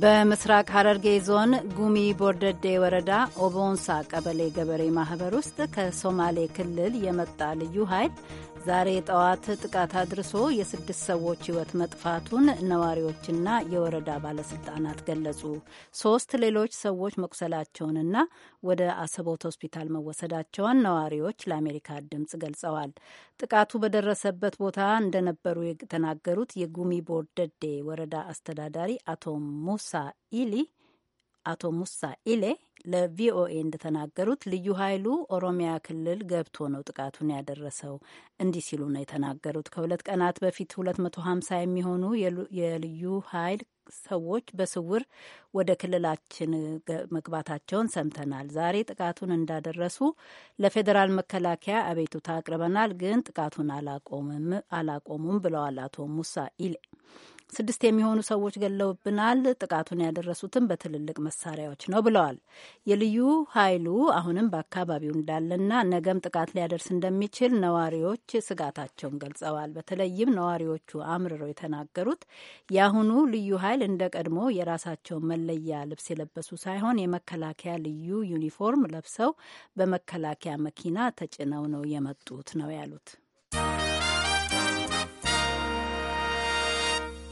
በምስራቅ ሐረርጌ ዞን ጉሚ ቦርደዴ ወረዳ ኦቦንሳ ቀበሌ ገበሬ ማህበር ውስጥ ከሶማሌ ክልል የመጣ ልዩ ኃይል ዛሬ ጠዋት ጥቃት አድርሶ የስድስት ሰዎች ሕይወት መጥፋቱን ነዋሪዎችና የወረዳ ባለስልጣናት ገለጹ። ሶስት ሌሎች ሰዎች መቁሰላቸውንና ወደ አሰቦት ሆስፒታል መወሰዳቸውን ነዋሪዎች ለአሜሪካ ድምፅ ገልጸዋል። ጥቃቱ በደረሰበት ቦታ እንደነበሩ የተናገሩት የጉሚ ቦርደዴ ወረዳ አስተዳዳሪ አቶ ሙሳ ኢሊ አቶ ሙሳ ኢሌ ለቪኦኤ እንደተናገሩት ልዩ ኃይሉ ኦሮሚያ ክልል ገብቶ ነው ጥቃቱን ያደረሰው። እንዲህ ሲሉ ነው የተናገሩት። ከሁለት ቀናት በፊት 250 የሚሆኑ የልዩ ኃይል ሰዎች በስውር ወደ ክልላችን መግባታቸውን ሰምተናል። ዛሬ ጥቃቱን እንዳደረሱ ለፌዴራል መከላከያ አቤቱታ አቅርበናል፣ ግን ጥቃቱን አላቆሙም ብለዋል አቶ ሙሳ ኢሌ። ስድስት የሚሆኑ ሰዎች ገለውብናል። ጥቃቱን ያደረሱትም በትልልቅ መሳሪያዎች ነው ብለዋል። የልዩ ኃይሉ አሁንም በአካባቢው እንዳለና ነገም ጥቃት ሊያደርስ እንደሚችል ነዋሪዎች ስጋታቸውን ገልጸዋል። በተለይም ነዋሪዎቹ አምርረው የተናገሩት የአሁኑ ልዩ ኃይል እንደ ቀድሞ የራሳቸውን መለያ ልብስ የለበሱ ሳይሆን የመከላከያ ልዩ ዩኒፎርም ለብሰው በመከላከያ መኪና ተጭነው ነው የመጡት ነው ያሉት።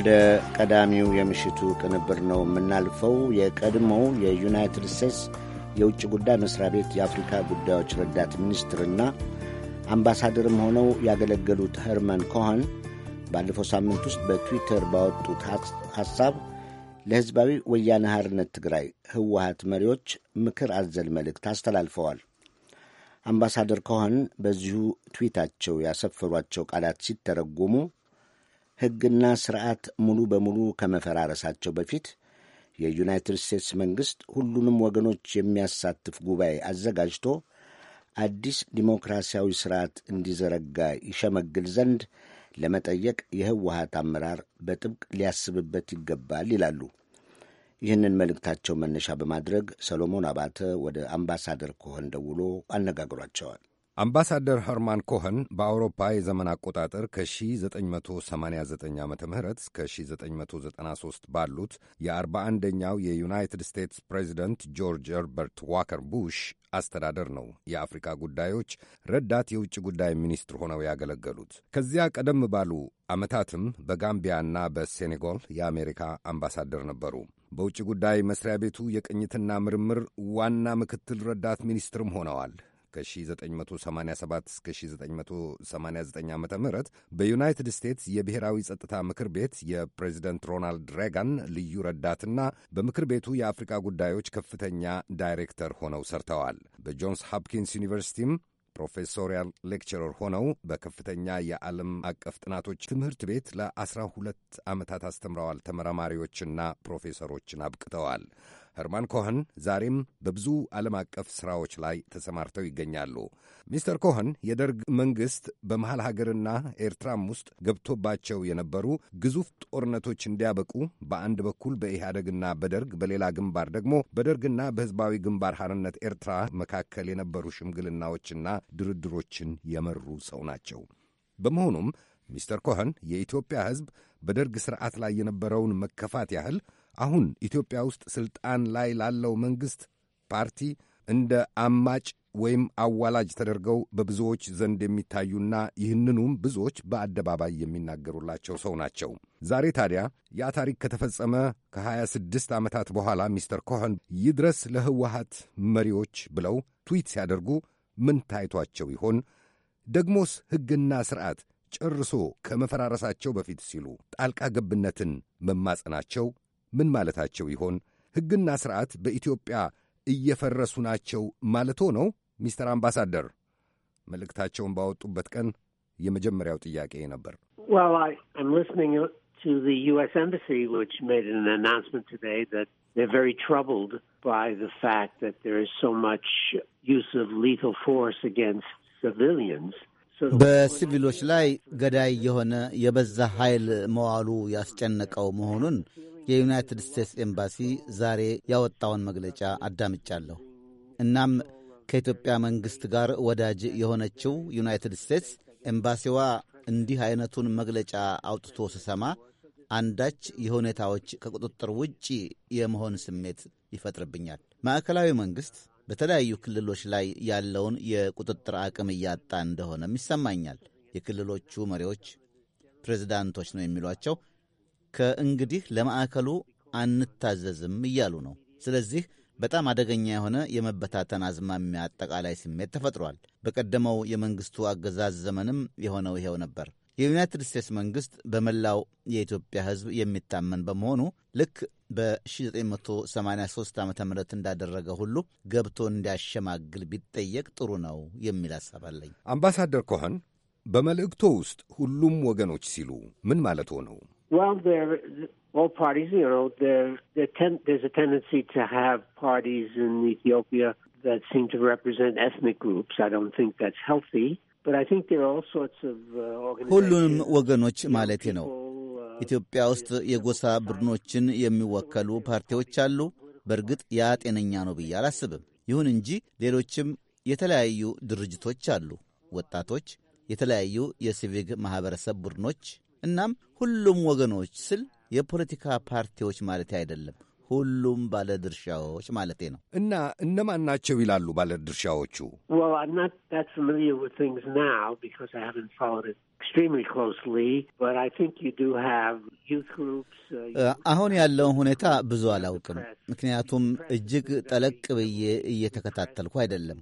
ወደ ቀዳሚው የምሽቱ ቅንብር ነው የምናልፈው። የቀድሞው የዩናይትድ ስቴትስ የውጭ ጉዳይ መስሪያ ቤት የአፍሪካ ጉዳዮች ረዳት ሚኒስትርና አምባሳደርም ሆነው ያገለገሉት ሄርመን ኮኸን ባለፈው ሳምንት ውስጥ በትዊተር ባወጡት ሐሳብ ለሕዝባዊ ወያነ ሓርነት ትግራይ ህወሀት መሪዎች ምክር አዘል መልእክት አስተላልፈዋል። አምባሳደር ኮኸን በዚሁ ትዊታቸው ያሰፈሯቸው ቃላት ሲተረጎሙ ሕግና ስርዓት ሙሉ በሙሉ ከመፈራረሳቸው በፊት የዩናይትድ ስቴትስ መንግሥት ሁሉንም ወገኖች የሚያሳትፍ ጉባኤ አዘጋጅቶ አዲስ ዲሞክራሲያዊ ስርዓት እንዲዘረጋ ይሸመግል ዘንድ ለመጠየቅ የህወሀት አመራር በጥብቅ ሊያስብበት ይገባል ይላሉ። ይህንን መልእክታቸው መነሻ በማድረግ ሰሎሞን አባተ ወደ አምባሳደር ኮሆን ደውሎ አነጋግሯቸዋል። አምባሳደር ኸርማን ኮኸን በአውሮፓ የዘመን አቆጣጠር ከ1989 ዓ ም እስከ 1993 ባሉት የ41ኛው የዩናይትድ ስቴትስ ፕሬዚደንት ጆርጅ ኸርበርት ዋከር ቡሽ አስተዳደር ነው የአፍሪካ ጉዳዮች ረዳት የውጭ ጉዳይ ሚኒስትር ሆነው ያገለገሉት። ከዚያ ቀደም ባሉ ዓመታትም በጋምቢያና በሴኔጋል የአሜሪካ አምባሳደር ነበሩ። በውጭ ጉዳይ መስሪያ ቤቱ የቅኝትና ምርምር ዋና ምክትል ረዳት ሚኒስትርም ሆነዋል። ከ1987 እስከ 1989 ዓ ም በዩናይትድ ስቴትስ የብሔራዊ ጸጥታ ምክር ቤት የፕሬዚደንት ሮናልድ ሬጋን ልዩ ረዳትና በምክር ቤቱ የአፍሪካ ጉዳዮች ከፍተኛ ዳይሬክተር ሆነው ሰርተዋል። በጆንስ ሆፕኪንስ ዩኒቨርሲቲም ፕሮፌሶሪያል ሌክቸረር ሆነው በከፍተኛ የዓለም አቀፍ ጥናቶች ትምህርት ቤት ለአስራ ሁለት ዓመታት አስተምረዋል። ተመራማሪዎችና ፕሮፌሰሮችን አብቅተዋል። ሄርማን ኮኸን ዛሬም በብዙ ዓለም አቀፍ ሥራዎች ላይ ተሰማርተው ይገኛሉ። ሚስተር ኮኸን የደርግ መንግሥት በመሐል ሀገርና ኤርትራም ውስጥ ገብቶባቸው የነበሩ ግዙፍ ጦርነቶች እንዲያበቁ በአንድ በኩል በኢህአደግና በደርግ በሌላ ግንባር ደግሞ በደርግና በሕዝባዊ ግንባር ሐርነት ኤርትራ መካከል የነበሩ ሽምግልናዎችና ድርድሮችን የመሩ ሰው ናቸው። በመሆኑም ሚስተር ኮኸን የኢትዮጵያ ሕዝብ በደርግ ሥርዓት ላይ የነበረውን መከፋት ያህል አሁን ኢትዮጵያ ውስጥ ስልጣን ላይ ላለው መንግሥት ፓርቲ እንደ አማጭ ወይም አዋላጅ ተደርገው በብዙዎች ዘንድ የሚታዩና ይህንኑም ብዙዎች በአደባባይ የሚናገሩላቸው ሰው ናቸው። ዛሬ ታዲያ ያ ታሪክ ከተፈጸመ ከ26 ዓመታት በኋላ ሚስተር ኮኸን ይድረስ ለህወሀት መሪዎች ብለው ትዊት ሲያደርጉ ምን ታይቷቸው ይሆን? ደግሞስ ሕግና ሥርዓት ጨርሶ ከመፈራረሳቸው በፊት ሲሉ ጣልቃ ገብነትን መማጸናቸው ምን ማለታቸው ይሆን? ሕግና ሥርዓት በኢትዮጵያ እየፈረሱ ናቸው ማለቶ ነው? ሚስተር አምባሳደር መልእክታቸውን ባወጡበት ቀን የመጀመሪያው ጥያቄ ነበር። በሲቪሎች ላይ ገዳይ የሆነ የበዛ ኃይል መዋሉ ያስጨነቀው መሆኑን የዩናይትድ ስቴትስ ኤምባሲ ዛሬ ያወጣውን መግለጫ አዳምጫለሁ። እናም ከኢትዮጵያ መንግሥት ጋር ወዳጅ የሆነችው ዩናይትድ ስቴትስ ኤምባሲዋ እንዲህ አይነቱን መግለጫ አውጥቶ ስሰማ አንዳች የሁኔታዎች ከቁጥጥር ውጪ የመሆን ስሜት ይፈጥርብኛል። ማዕከላዊ መንግሥት በተለያዩ ክልሎች ላይ ያለውን የቁጥጥር አቅም እያጣ እንደሆነም ይሰማኛል። የክልሎቹ መሪዎች ፕሬዝዳንቶች ነው የሚሏቸው ከእንግዲህ ለማዕከሉ አንታዘዝም እያሉ ነው። ስለዚህ በጣም አደገኛ የሆነ የመበታተን አዝማሚያ አጠቃላይ ስሜት ተፈጥሯል። በቀደመው የመንግስቱ አገዛዝ ዘመንም የሆነው ይሄው ነበር። የዩናይትድ ስቴትስ መንግስት በመላው የኢትዮጵያ ሕዝብ የሚታመን በመሆኑ ልክ በ1983 ዓ ም እንዳደረገ ሁሉ ገብቶ እንዲያሸማግል ቢጠየቅ ጥሩ ነው የሚል ሐሳብ አለኝ። አምባሳደር ኮኸን በመልእክቶ ውስጥ ሁሉም ወገኖች ሲሉ ምን ማለት ነው? Well, there all parties, you know, they're, they're ten, there's a tendency to have parties in Ethiopia that seem to represent ethnic groups. I don't think that's healthy, but I think there are all sorts of organizations. ወገኖች ማለቴ ነው። ኢትዮጵያ ውስጥ የጎሳ ቡድኖችን የሚወከሉ ፓርቲዎች አሉ። በእርግጥ ያ ጤነኛ ነው ብዬ አላስብም። ይሁን እንጂ ሌሎችም የተለያዩ ድርጅቶች አሉ። ወጣቶች፣ የተለያዩ የሲቪክ ማኅበረሰብ ቡድኖች እናም ሁሉም ወገኖች ስል የፖለቲካ ፓርቲዎች ማለት አይደለም፣ ሁሉም ባለድርሻዎች ማለቴ ነው። እና እነማን ናቸው ይላሉ ባለድርሻዎቹ? Uh, uh, አሁን ያለውን ሁኔታ ብዙ አላውቅም፣ ምክንያቱም እጅግ ጠለቅ ብዬ እየተከታተልኩ አይደለም።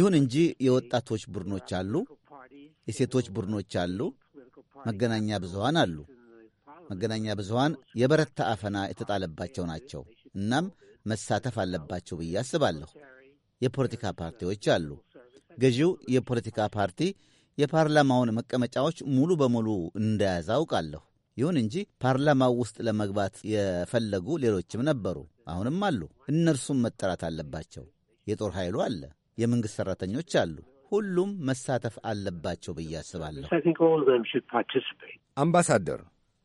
ይሁን እንጂ የወጣቶች ቡድኖች አሉ፣ የሴቶች ቡድኖች አሉ መገናኛ ብዙሃን አሉ። መገናኛ ብዙሃን የበረታ አፈና የተጣለባቸው ናቸው። እናም መሳተፍ አለባቸው ብዬ አስባለሁ። የፖለቲካ ፓርቲዎች አሉ። ገዢው የፖለቲካ ፓርቲ የፓርላማውን መቀመጫዎች ሙሉ በሙሉ እንደያዘ አውቃለሁ። ይሁን እንጂ ፓርላማው ውስጥ ለመግባት የፈለጉ ሌሎችም ነበሩ፣ አሁንም አሉ። እነርሱም መጠራት አለባቸው። የጦር ኃይሉ አለ፣ የመንግሥት ሠራተኞች አሉ። ሁሉም መሳተፍ አለባቸው ብዬ አስባለሁ። አምባሳደር፣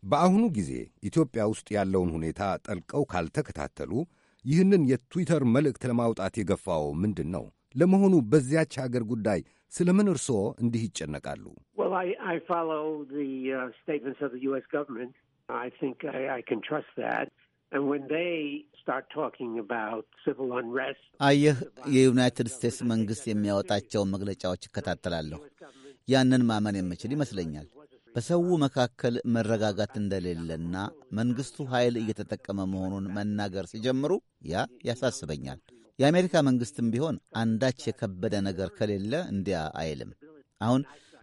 በአሁኑ ጊዜ ኢትዮጵያ ውስጥ ያለውን ሁኔታ ጠልቀው ካልተከታተሉ ይህንን የትዊተር መልእክት ለማውጣት የገፋው ምንድን ነው? ለመሆኑ በዚያች አገር ጉዳይ ስለምን እርስዎ እንዲህ ይጨነቃሉ? አየህ፣ የዩናይትድ ስቴትስ መንግሥት የሚያወጣቸውን መግለጫዎች እከታተላለሁ። ያንን ማመን የምችል ይመስለኛል። በሰው መካከል መረጋጋት እንደሌለና መንግሥቱ ኃይል እየተጠቀመ መሆኑን መናገር ሲጀምሩ ያ ያሳስበኛል። የአሜሪካ መንግሥትም ቢሆን አንዳች የከበደ ነገር ከሌለ እንዲያ አይልም። አሁን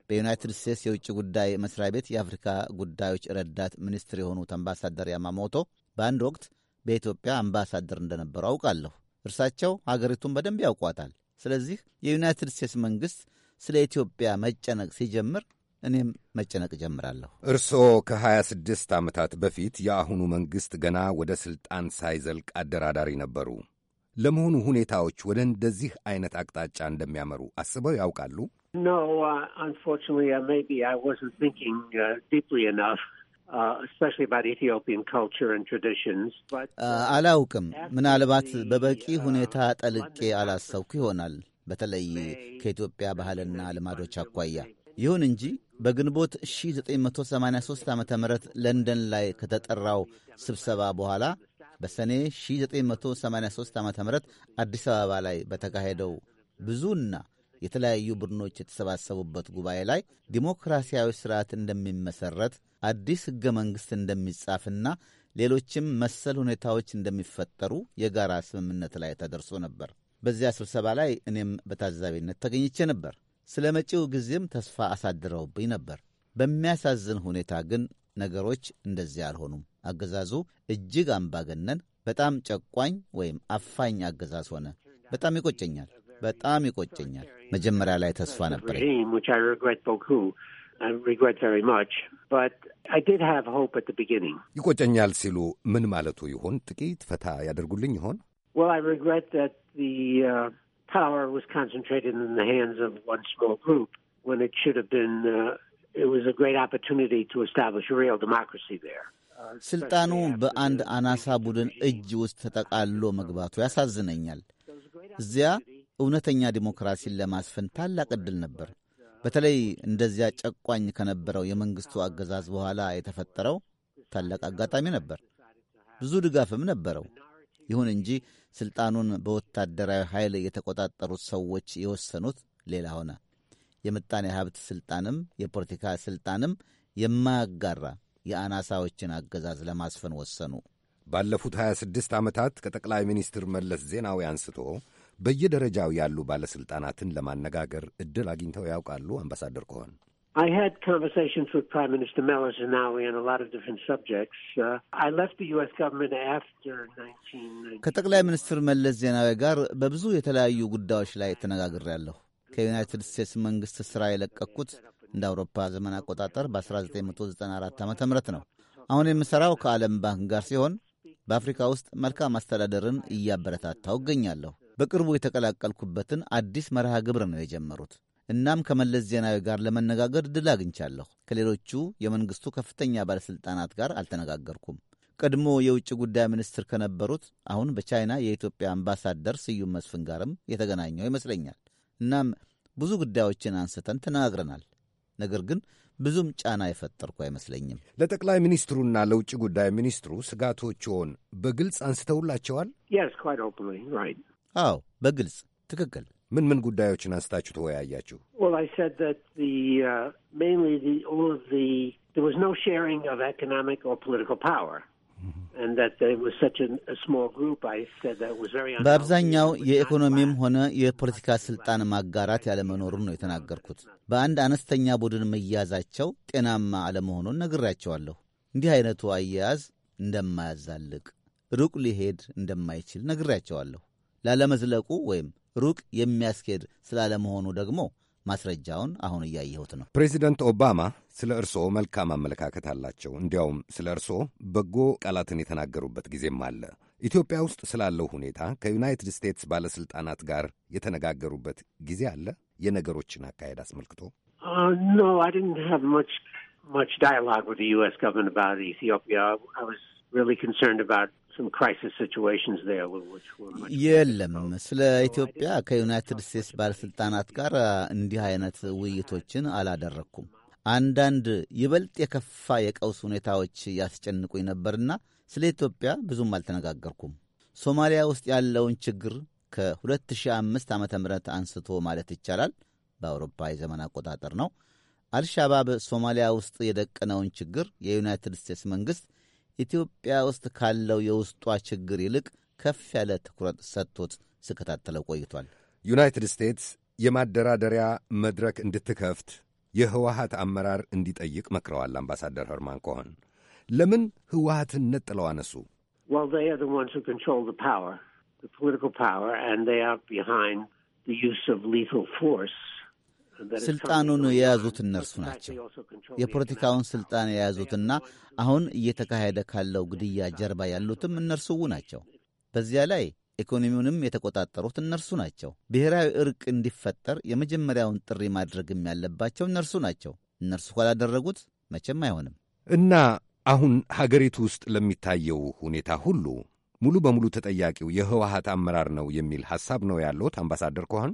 በዩናይትድ ስቴትስ የውጭ ጉዳይ መስሪያ ቤት የአፍሪካ ጉዳዮች ረዳት ሚኒስትር የሆኑት አምባሳደር ያማሞቶ በአንድ ወቅት በኢትዮጵያ አምባሳደር እንደነበሩ አውቃለሁ። እርሳቸው ሀገሪቱን በደንብ ያውቋታል። ስለዚህ የዩናይትድ ስቴትስ መንግሥት ስለ ኢትዮጵያ መጨነቅ ሲጀምር እኔም መጨነቅ ጀምራለሁ። እርስዎ ከ26 ዓመታት በፊት የአሁኑ መንግሥት ገና ወደ ሥልጣን ሳይዘልቅ አደራዳሪ ነበሩ። ለመሆኑ ሁኔታዎች ወደ እንደዚህ አይነት አቅጣጫ እንደሚያመሩ አስበው ያውቃሉ? No, uh, unfortunately, uh, maybe I wasn't thinking uh, deeply enough. Uh, uh, አላውቅም። uh, ምናልባት በበቂ ሁኔታ ጠልቄ አላሰብኩ ይሆናል፣ በተለይ ከኢትዮጵያ ባህልና ልማዶች አኳያ። ይሁን እንጂ በግንቦት 1983 ዓ ም ለንደን ላይ ከተጠራው ስብሰባ በኋላ በሰኔ 1983 ዓ ም አዲስ አበባ ላይ በተካሄደው ብዙና የተለያዩ ቡድኖች የተሰባሰቡበት ጉባኤ ላይ ዲሞክራሲያዊ ስርዓት እንደሚመሰረት አዲስ ሕገ መንግሥት እንደሚጻፍና ሌሎችም መሰል ሁኔታዎች እንደሚፈጠሩ የጋራ ስምምነት ላይ ተደርሶ ነበር። በዚያ ስብሰባ ላይ እኔም በታዛቢነት ተገኝቼ ነበር። ስለ መጪው ጊዜም ተስፋ አሳድረውብኝ ነበር። በሚያሳዝን ሁኔታ ግን ነገሮች እንደዚያ አልሆኑም። አገዛዙ እጅግ አምባገነን፣ በጣም ጨቋኝ ወይም አፋኝ አገዛዝ ሆነ። በጣም ይቆጨኛል፣ በጣም ይቆጨኛል። መጀመሪያ ላይ ተስፋ ነበር። ይቆጨኛል ሲሉ ምን ማለቱ ይሆን? ጥቂት ፈታ ያደርጉልኝ ይሆን? Uh, uh, ስልጣኑ በአንድ አናሳ ቡድን እጅ ውስጥ ተጠቃሎ መግባቱ ያሳዝነኛል። እዚያ እውነተኛ ዲሞክራሲን ለማስፈን ታላቅ ዕድል ነበር። በተለይ እንደዚያ ጨቋኝ ከነበረው የመንግሥቱ አገዛዝ በኋላ የተፈጠረው ታላቅ አጋጣሚ ነበር። ብዙ ድጋፍም ነበረው። ይሁን እንጂ ሥልጣኑን በወታደራዊ ኃይል የተቆጣጠሩት ሰዎች የወሰኑት ሌላ ሆነ። የምጣኔ ሀብት ሥልጣንም የፖለቲካ ሥልጣንም የማያጋራ የአናሳዎችን አገዛዝ ለማስፈን ወሰኑ። ባለፉት 26 ዓመታት ከጠቅላይ ሚኒስትር መለስ ዜናዊ አንስቶ በየደረጃው ያሉ ባለስልጣናትን ለማነጋገር እድል አግኝተው ያውቃሉ? አምባሳደር ከሆን I had conversations with Prime Minister Melisenawi on a lot of different subjects. Uh, I left the U.S. government after 1990. ከጠቅላይ ሚኒስትር መለስ ዜናዊ ጋር በብዙ የተለያዩ ጉዳዮች ላይ ተነጋግሬያለሁ። ከዩናይትድ ስቴትስ መንግሥት ሥራ የለቀቅኩት እንደ አውሮፓ ዘመን አቆጣጠር በ1994 ዓ ም ነው። አሁን የምሠራው ከዓለም ባንክ ጋር ሲሆን በአፍሪካ ውስጥ መልካም አስተዳደርን እያበረታታው እገኛለሁ። በቅርቡ የተቀላቀልኩበትን አዲስ መርሃ ግብር ነው የጀመሩት። እናም ከመለስ ዜናዊ ጋር ለመነጋገር ድል አግኝቻለሁ። ከሌሎቹ የመንግስቱ ከፍተኛ ባለሥልጣናት ጋር አልተነጋገርኩም። ቀድሞ የውጭ ጉዳይ ሚኒስትር ከነበሩት አሁን በቻይና የኢትዮጵያ አምባሳደር ስዩም መስፍን ጋርም የተገናኘው ይመስለኛል። እናም ብዙ ጉዳዮችን አንስተን ተነጋግረናል። ነገር ግን ብዙም ጫና የፈጠርኩ አይመስለኝም። ለጠቅላይ ሚኒስትሩና ለውጭ ጉዳይ ሚኒስትሩ ስጋቶችዎን በግልጽ አንስተውላቸዋል? አዎ፣ በግልጽ ትክክል። ምን ምን ጉዳዮችን አንስታችሁ ተወያያችሁ? Uh, mm-hmm. በአብዛኛው የኢኮኖሚም ሆነ የፖለቲካ ስልጣን ማጋራት ያለመኖሩን ነው የተናገርኩት። በአንድ አነስተኛ ቡድን መያዛቸው ጤናማ አለመሆኑን ነግሬያቸዋለሁ። እንዲህ አይነቱ አያያዝ እንደማያዛልቅ፣ ሩቅ ሊሄድ እንደማይችል ነግሬያቸዋለሁ። ላለመዝለቁ ወይም ሩቅ የሚያስኬድ ስላለመሆኑ ደግሞ ማስረጃውን አሁን እያየሁት ነው። ፕሬዚደንት ኦባማ ስለ እርስዎ መልካም አመለካከት አላቸው። እንዲያውም ስለ እርስዎ በጎ ቃላትን የተናገሩበት ጊዜም አለ። ኢትዮጵያ ውስጥ ስላለው ሁኔታ ከዩናይትድ ስቴትስ ባለስልጣናት ጋር የተነጋገሩበት ጊዜ አለ? የነገሮችን አካሄድ አስመልክቶ uh, የለም። ስለ ኢትዮጵያ ከዩናይትድ ስቴትስ ባለሥልጣናት ጋር uh, እንዲህ አይነት ውይይቶችን አላደረግኩም። አንዳንድ ይበልጥ የከፋ የቀውስ ሁኔታዎች ያስጨንቁኝ ነበርና ስለ ኢትዮጵያ ብዙም አልተነጋገርኩም። ሶማሊያ ውስጥ ያለውን ችግር ከ2005 ዓ ም አንስቶ ማለት ይቻላል በአውሮፓ የዘመን አቆጣጠር ነው። አልሻባብ ሶማሊያ ውስጥ የደቀነውን ችግር የዩናይትድ ስቴትስ መንግሥት ኢትዮጵያ ውስጥ ካለው የውስጧ ችግር ይልቅ ከፍ ያለ ትኩረት ሰጥቶት ስከታተለው ቆይቷል። ዩናይትድ ስቴትስ የማደራደሪያ መድረክ እንድትከፍት የህወሀት አመራር እንዲጠይቅ መክረዋል። አምባሳደር ኸርማን ኮሆን ለምን ህወሀትን ነጥለው አነሱ? ስልጣኑን የያዙት እነርሱ ናቸው። የፖለቲካውን ስልጣን የያዙትና አሁን እየተካሄደ ካለው ግድያ ጀርባ ያሉትም እነርሱው ናቸው። በዚያ ላይ ኢኮኖሚውንም የተቆጣጠሩት እነርሱ ናቸው። ብሔራዊ እርቅ እንዲፈጠር የመጀመሪያውን ጥሪ ማድረግም ያለባቸው እነርሱ ናቸው። እነርሱ ካላደረጉት መቼም አይሆንም እና አሁን ሀገሪቱ ውስጥ ለሚታየው ሁኔታ ሁሉ ሙሉ በሙሉ ተጠያቂው የህወሀት አመራር ነው የሚል ሀሳብ ነው ያለሁት አምባሳደር ከሆን?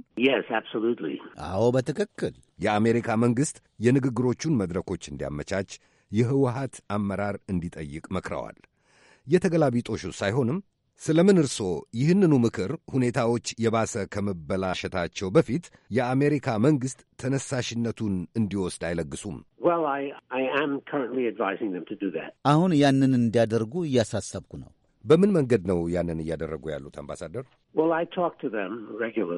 አዎ በትክክል የአሜሪካ መንግስት የንግግሮቹን መድረኮች እንዲያመቻች የህወሀት አመራር እንዲጠይቅ መክረዋል። የተገላቢጦሹ ሳይሆንም ስለምን እርሶ ይህንኑ ምክር ሁኔታዎች የባሰ ከመበላሸታቸው በፊት የአሜሪካ መንግሥት ተነሳሽነቱን እንዲወስድ አይለግሱም? አሁን ያንን እንዲያደርጉ እያሳሰብኩ ነው። በምን መንገድ ነው ያንን እያደረጉ ያሉት አምባሳደር? Mm-hmm.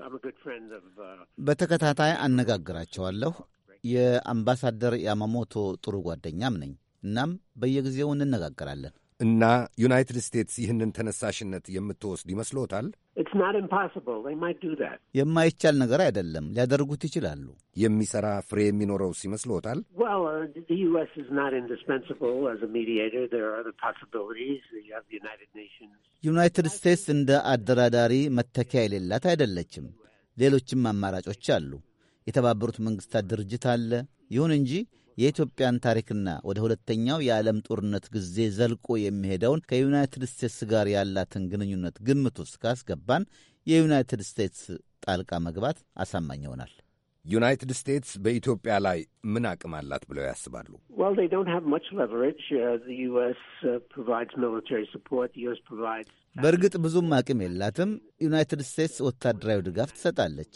Uh, በተከታታይ አነጋግራቸዋለሁ። የአምባሳደር ያማሞቶ ጥሩ ጓደኛም ነኝ። እናም በየጊዜው እንነጋገራለን። እና ዩናይትድ ስቴትስ ይህንን ተነሳሽነት የምትወስድ ይመስሎታል? የማይቻል ነገር አይደለም። ሊያደርጉት ይችላሉ። የሚሰራ ፍሬ የሚኖረው ሲመስልዎታል? Uh, ዩናይትድ ስቴትስ እንደ አደራዳሪ መተኪያ የሌላት አይደለችም። ሌሎችም አማራጮች አሉ። የተባበሩት መንግስታት ድርጅት አለ። ይሁን እንጂ የኢትዮጵያን ታሪክና ወደ ሁለተኛው የዓለም ጦርነት ጊዜ ዘልቆ የሚሄደውን ከዩናይትድ ስቴትስ ጋር ያላትን ግንኙነት ግምት ውስጥ ካስገባን የዩናይትድ ስቴትስ ጣልቃ መግባት አሳማኝ ይሆናል። ዩናይትድ ስቴትስ በኢትዮጵያ ላይ ምን አቅም አላት ብለው ያስባሉ? Uh, uh, በእርግጥ ብዙም አቅም የላትም። ዩናይትድ ስቴትስ ወታደራዊ ድጋፍ ትሰጣለች።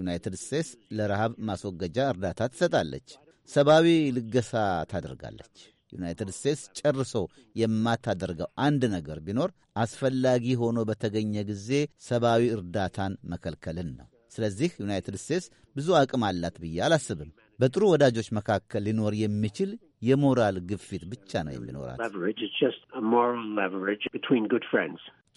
ዩናይትድ ስቴትስ ለረሃብ ማስወገጃ እርዳታ ትሰጣለች። ሰብአዊ ልገሳ ታደርጋለች። ዩናይትድ ስቴትስ ጨርሶ የማታደርገው አንድ ነገር ቢኖር አስፈላጊ ሆኖ በተገኘ ጊዜ ሰብአዊ እርዳታን መከልከልን ነው። ስለዚህ ዩናይትድ ስቴትስ ብዙ አቅም አላት ብዬ አላስብም። በጥሩ ወዳጆች መካከል ሊኖር የሚችል የሞራል ግፊት ብቻ ነው የሚኖራት።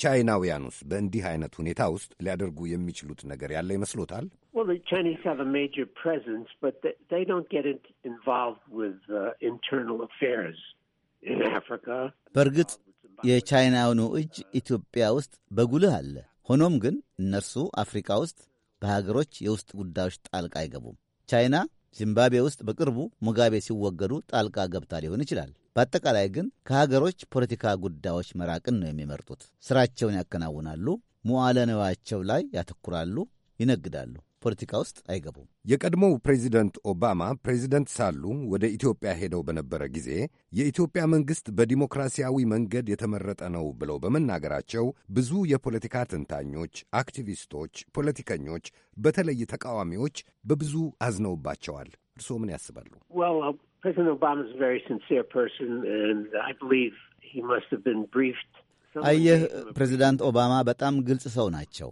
ቻይናውያኑስ በእንዲህ አይነት ሁኔታ ውስጥ ሊያደርጉ የሚችሉት ነገር ያለ ይመስሎታል? Well, the Chinese have a major presence, but they don't get involved with uh, internal affairs in Africa. በእርግጥ የቻይናውኑ እጅ ኢትዮጵያ ውስጥ በጉልህ አለ። ሆኖም ግን እነርሱ አፍሪካ ውስጥ በሀገሮች የውስጥ ጉዳዮች ጣልቃ አይገቡም። ቻይና ዚምባብዌ ውስጥ በቅርቡ ሙጋቤ ሲወገዱ ጣልቃ ገብታ ሊሆን ይችላል። በአጠቃላይ ግን ከሀገሮች ፖለቲካ ጉዳዮች መራቅን ነው የሚመርጡት። ስራቸውን ያከናውናሉ፣ መዋለ ንዋያቸው ላይ ያተኩራሉ፣ ይነግዳሉ። ፖለቲካ ውስጥ አይገቡም። የቀድሞው ፕሬዚደንት ኦባማ ፕሬዚደንት ሳሉ ወደ ኢትዮጵያ ሄደው በነበረ ጊዜ የኢትዮጵያ መንግሥት በዲሞክራሲያዊ መንገድ የተመረጠ ነው ብለው በመናገራቸው ብዙ የፖለቲካ ተንታኞች፣ አክቲቪስቶች፣ ፖለቲከኞች በተለይ ተቃዋሚዎች በብዙ አዝነውባቸዋል። እርስዎ ምን ያስባሉ? Uh, አየህ፣ ፕሬዚዳንት ኦባማ በጣም ግልጽ ሰው ናቸው።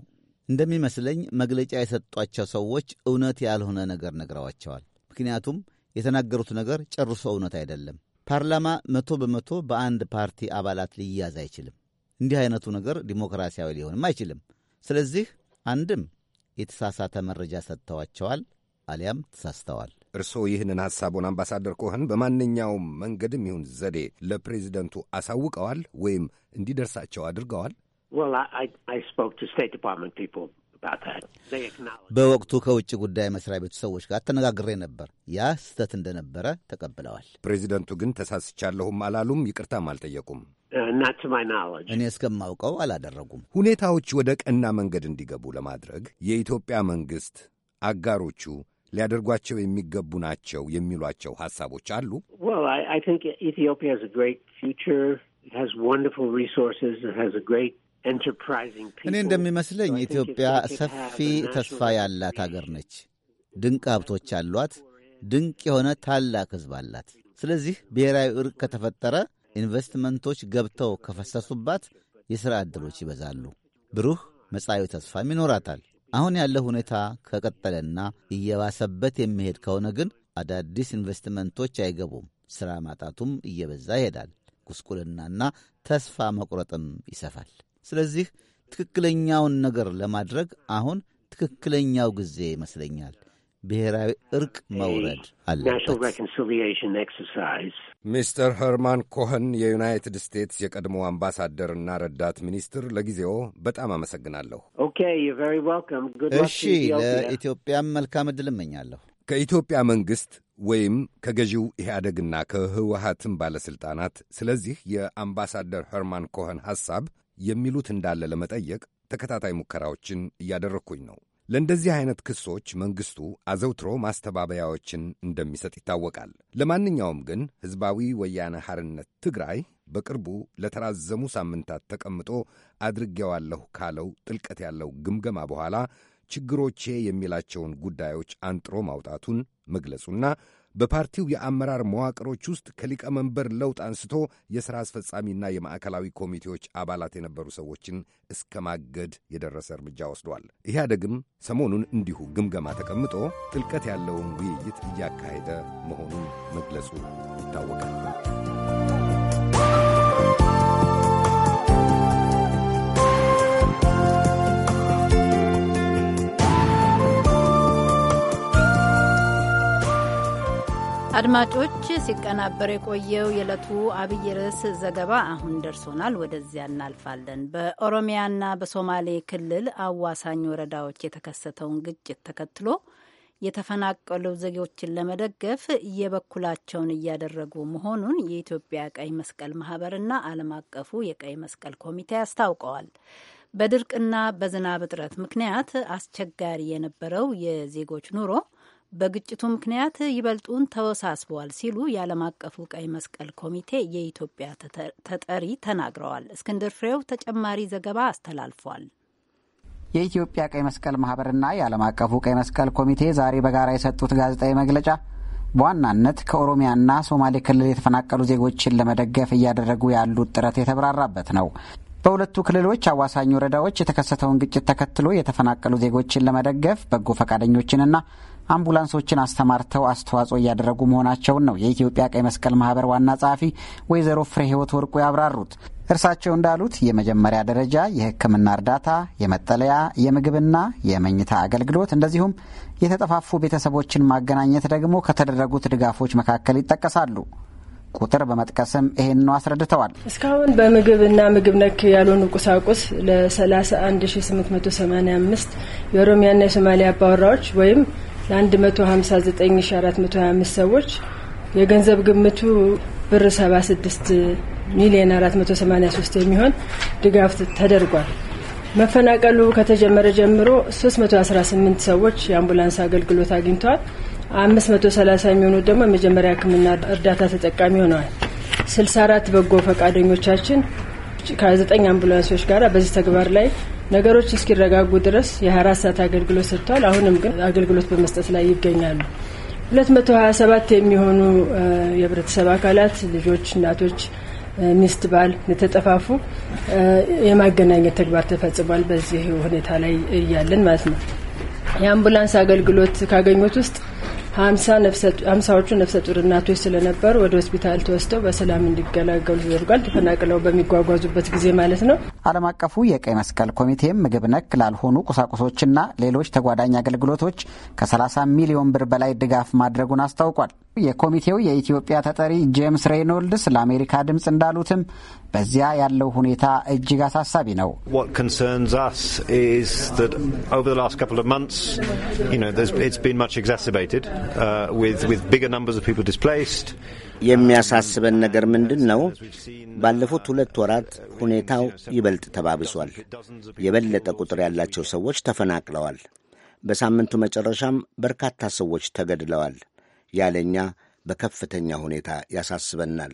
እንደሚመስለኝ መግለጫ የሰጧቸው ሰዎች እውነት ያልሆነ ነገር ነግረዋቸዋል። ምክንያቱም የተናገሩት ነገር ጨርሶ እውነት አይደለም። ፓርላማ መቶ በመቶ በአንድ ፓርቲ አባላት ሊያዝ አይችልም። እንዲህ አይነቱ ነገር ዲሞክራሲያዊ ሊሆንም አይችልም። ስለዚህ አንድም የተሳሳተ መረጃ ሰጥተዋቸዋል፣ አሊያም ተሳስተዋል። እርስዎ ይህንን ሐሳቡን አምባሳደር ኮህን በማንኛውም መንገድም ይሁን ዘዴ ለፕሬዚደንቱ አሳውቀዋል ወይም እንዲደርሳቸው አድርገዋል? Well, I, I spoke to State Department people በወቅቱ ከውጭ ጉዳይ መስሪያ ቤቱ ሰዎች ጋር ተነጋግሬ ነበር። ያ ስህተት እንደነበረ ተቀብለዋል። ፕሬዚደንቱ ግን ተሳስቻለሁም አላሉም፣ ይቅርታም አልጠየቁም። uh, እኔ እስከማውቀው አላደረጉም። ሁኔታዎች ወደ ቀና መንገድ እንዲገቡ ለማድረግ የኢትዮጵያ መንግስት አጋሮቹ ሊያደርጓቸው የሚገቡ ናቸው የሚሏቸው ሀሳቦች አሉ። ኢትዮጵያ እኔ እንደሚመስለኝ ኢትዮጵያ ሰፊ ተስፋ ያላት አገር ነች። ድንቅ ሀብቶች አሏት። ድንቅ የሆነ ታላቅ ሕዝብ አላት። ስለዚህ ብሔራዊ እርቅ ከተፈጠረ፣ ኢንቨስትመንቶች ገብተው ከፈሰሱባት፣ የሥራ ዕድሎች ይበዛሉ። ብሩህ መጻዒ ተስፋም ይኖራታል። አሁን ያለው ሁኔታ ከቀጠለና እየባሰበት የሚሄድ ከሆነ ግን አዳዲስ ኢንቨስትመንቶች አይገቡም። ሥራ ማጣቱም እየበዛ ይሄዳል። ጉስቁልናና ተስፋ መቁረጥም ይሰፋል። ስለዚህ ትክክለኛውን ነገር ለማድረግ አሁን ትክክለኛው ጊዜ ይመስለኛል። ብሔራዊ እርቅ መውረድ አለበት። ሚስተር ኸርማን ኮኸን የዩናይትድ ስቴትስ የቀድሞ አምባሳደርና ረዳት ሚኒስትር፣ ለጊዜው በጣም አመሰግናለሁ። እሺ፣ ለኢትዮጵያም መልካም ዕድል እመኛለሁ። ከኢትዮጵያ መንግሥት ወይም ከገዢው ኢህአደግና ከህወሀትም ባለሥልጣናት ስለዚህ የአምባሳደር ኸርማን ኮኸን ሐሳብ የሚሉት እንዳለ ለመጠየቅ ተከታታይ ሙከራዎችን እያደረግኩኝ ነው። ለእንደዚህ አይነት ክሶች መንግሥቱ አዘውትሮ ማስተባበያዎችን እንደሚሰጥ ይታወቃል። ለማንኛውም ግን ሕዝባዊ ወያነ ሐርነት ትግራይ በቅርቡ ለተራዘሙ ሳምንታት ተቀምጦ አድርጌዋለሁ ካለው ጥልቀት ያለው ግምገማ በኋላ ችግሮቼ የሚላቸውን ጉዳዮች አንጥሮ ማውጣቱን መግለጹና በፓርቲው የአመራር መዋቅሮች ውስጥ ከሊቀመንበር ለውጥ አንስቶ የሥራ አስፈጻሚና የማዕከላዊ ኮሚቴዎች አባላት የነበሩ ሰዎችን እስከ ማገድ የደረሰ እርምጃ ወስዷል። ኢህአደግም ሰሞኑን እንዲሁ ግምገማ ተቀምጦ ጥልቀት ያለውን ውይይት እያካሄደ መሆኑን መግለጹ ይታወቃል። አድማጮች ሲቀናበር የቆየው የዕለቱ አብይ ርዕስ ዘገባ አሁን ደርሶናል። ወደዚያ እናልፋለን። በኦሮሚያና በሶማሌ ክልል አዋሳኝ ወረዳዎች የተከሰተውን ግጭት ተከትሎ የተፈናቀሉ ዜጎችን ለመደገፍ የበኩላቸውን እያደረጉ መሆኑን የኢትዮጵያ ቀይ መስቀል ማህበርና ዓለም አቀፉ የቀይ መስቀል ኮሚቴ አስታውቀዋል። በድርቅና በዝናብ እጥረት ምክንያት አስቸጋሪ የነበረው የዜጎች ኑሮ በግጭቱ ምክንያት ይበልጡን ተወሳስበዋል ሲሉ የዓለም አቀፉ ቀይ መስቀል ኮሚቴ የኢትዮጵያ ተጠሪ ተናግረዋል። እስክንድር ፍሬው ተጨማሪ ዘገባ አስተላልፏል። የኢትዮጵያ ቀይ መስቀል ማህበርና የዓለም አቀፉ ቀይ መስቀል ኮሚቴ ዛሬ በጋራ የሰጡት ጋዜጣዊ መግለጫ በዋናነት ከኦሮሚያና ሶማሌ ክልል የተፈናቀሉ ዜጎችን ለመደገፍ እያደረጉ ያሉት ጥረት የተብራራበት ነው። በሁለቱ ክልሎች አዋሳኝ ወረዳዎች የተከሰተውን ግጭት ተከትሎ የተፈናቀሉ ዜጎችን ለመደገፍ በጎ ፈቃደኞችንና አምቡላንሶችን አስተማርተው አስተዋጽኦ እያደረጉ መሆናቸውን ነው የኢትዮጵያ ቀይ መስቀል ማህበር ዋና ጸሐፊ ወይዘሮ ፍሬ ህይወት ወርቁ ያብራሩት። እርሳቸው እንዳሉት የመጀመሪያ ደረጃ የሕክምና እርዳታ፣ የመጠለያ፣ የምግብና የመኝታ አገልግሎት እንደዚሁም የተጠፋፉ ቤተሰቦችን ማገናኘት ደግሞ ከተደረጉት ድጋፎች መካከል ይጠቀሳሉ። ቁጥር በመጥቀስም ይህን ነው አስረድተዋል። እስካሁን በምግብና ምግብ ነክ ያልሆኑ ቁሳቁስ ለ31885 የኦሮሚያና የሶማሊያ አባወራዎች ወይም ለ159425 ሰዎች የገንዘብ ግምቱ ብር 76 ሚሊዮን 483 የሚሆን ድጋፍ ተደርጓል። መፈናቀሉ ከተጀመረ ጀምሮ 318 ሰዎች የአምቡላንስ አገልግሎት አግኝተዋል። 530 የሚሆኑት ደግሞ የመጀመሪያ ሕክምና እርዳታ ተጠቃሚ ሆነዋል። 64 በጎ ፈቃደኞቻችን ከዘጠኝ አምቡላንሶች ጋር በዚህ ተግባር ላይ ነገሮች እስኪረጋጉ ድረስ የ24 ሰዓት አገልግሎት ሰጥተዋል። አሁንም ግን አገልግሎት በመስጠት ላይ ይገኛሉ። 227 የሚሆኑ የህብረተሰብ አካላት ልጆች፣ እናቶች፣ ሚስት፣ ባል የተጠፋፉ የማገናኘት ተግባር ተፈጽሟል። በዚህ ሁኔታ ላይ እያለን ማለት ነው የአምቡላንስ አገልግሎት ካገኙት ውስጥ ሀምሳዎቹ ነፍሰ ጡር እናቶች ስለነበሩ ወደ ሆስፒታል ተወስደው በሰላም እንዲገላገሉ ተደርጓል። ተፈናቅለው በሚጓጓዙበት ጊዜ ማለት ነው። ዓለም አቀፉ የቀይ መስቀል ኮሚቴም ምግብ ነክ ላልሆኑ ቁሳቁሶችና ሌሎች ተጓዳኝ አገልግሎቶች ከ30 ሚሊዮን ብር በላይ ድጋፍ ማድረጉን አስታውቋል። የኮሚቴው የኢትዮጵያ ተጠሪ ጄምስ ሬኖልድስ ለአሜሪካ ድምፅ እንዳሉትም በዚያ ያለው ሁኔታ እጅግ አሳሳቢ ነው። Uh, የሚያሳስበን ነገር ምንድን ነው? ባለፉት ሁለት ወራት ሁኔታው ይበልጥ ተባብሷል። የበለጠ ቁጥር ያላቸው ሰዎች ተፈናቅለዋል። በሳምንቱ መጨረሻም በርካታ ሰዎች ተገድለዋል። ያለኛ በከፍተኛ ሁኔታ ያሳስበናል።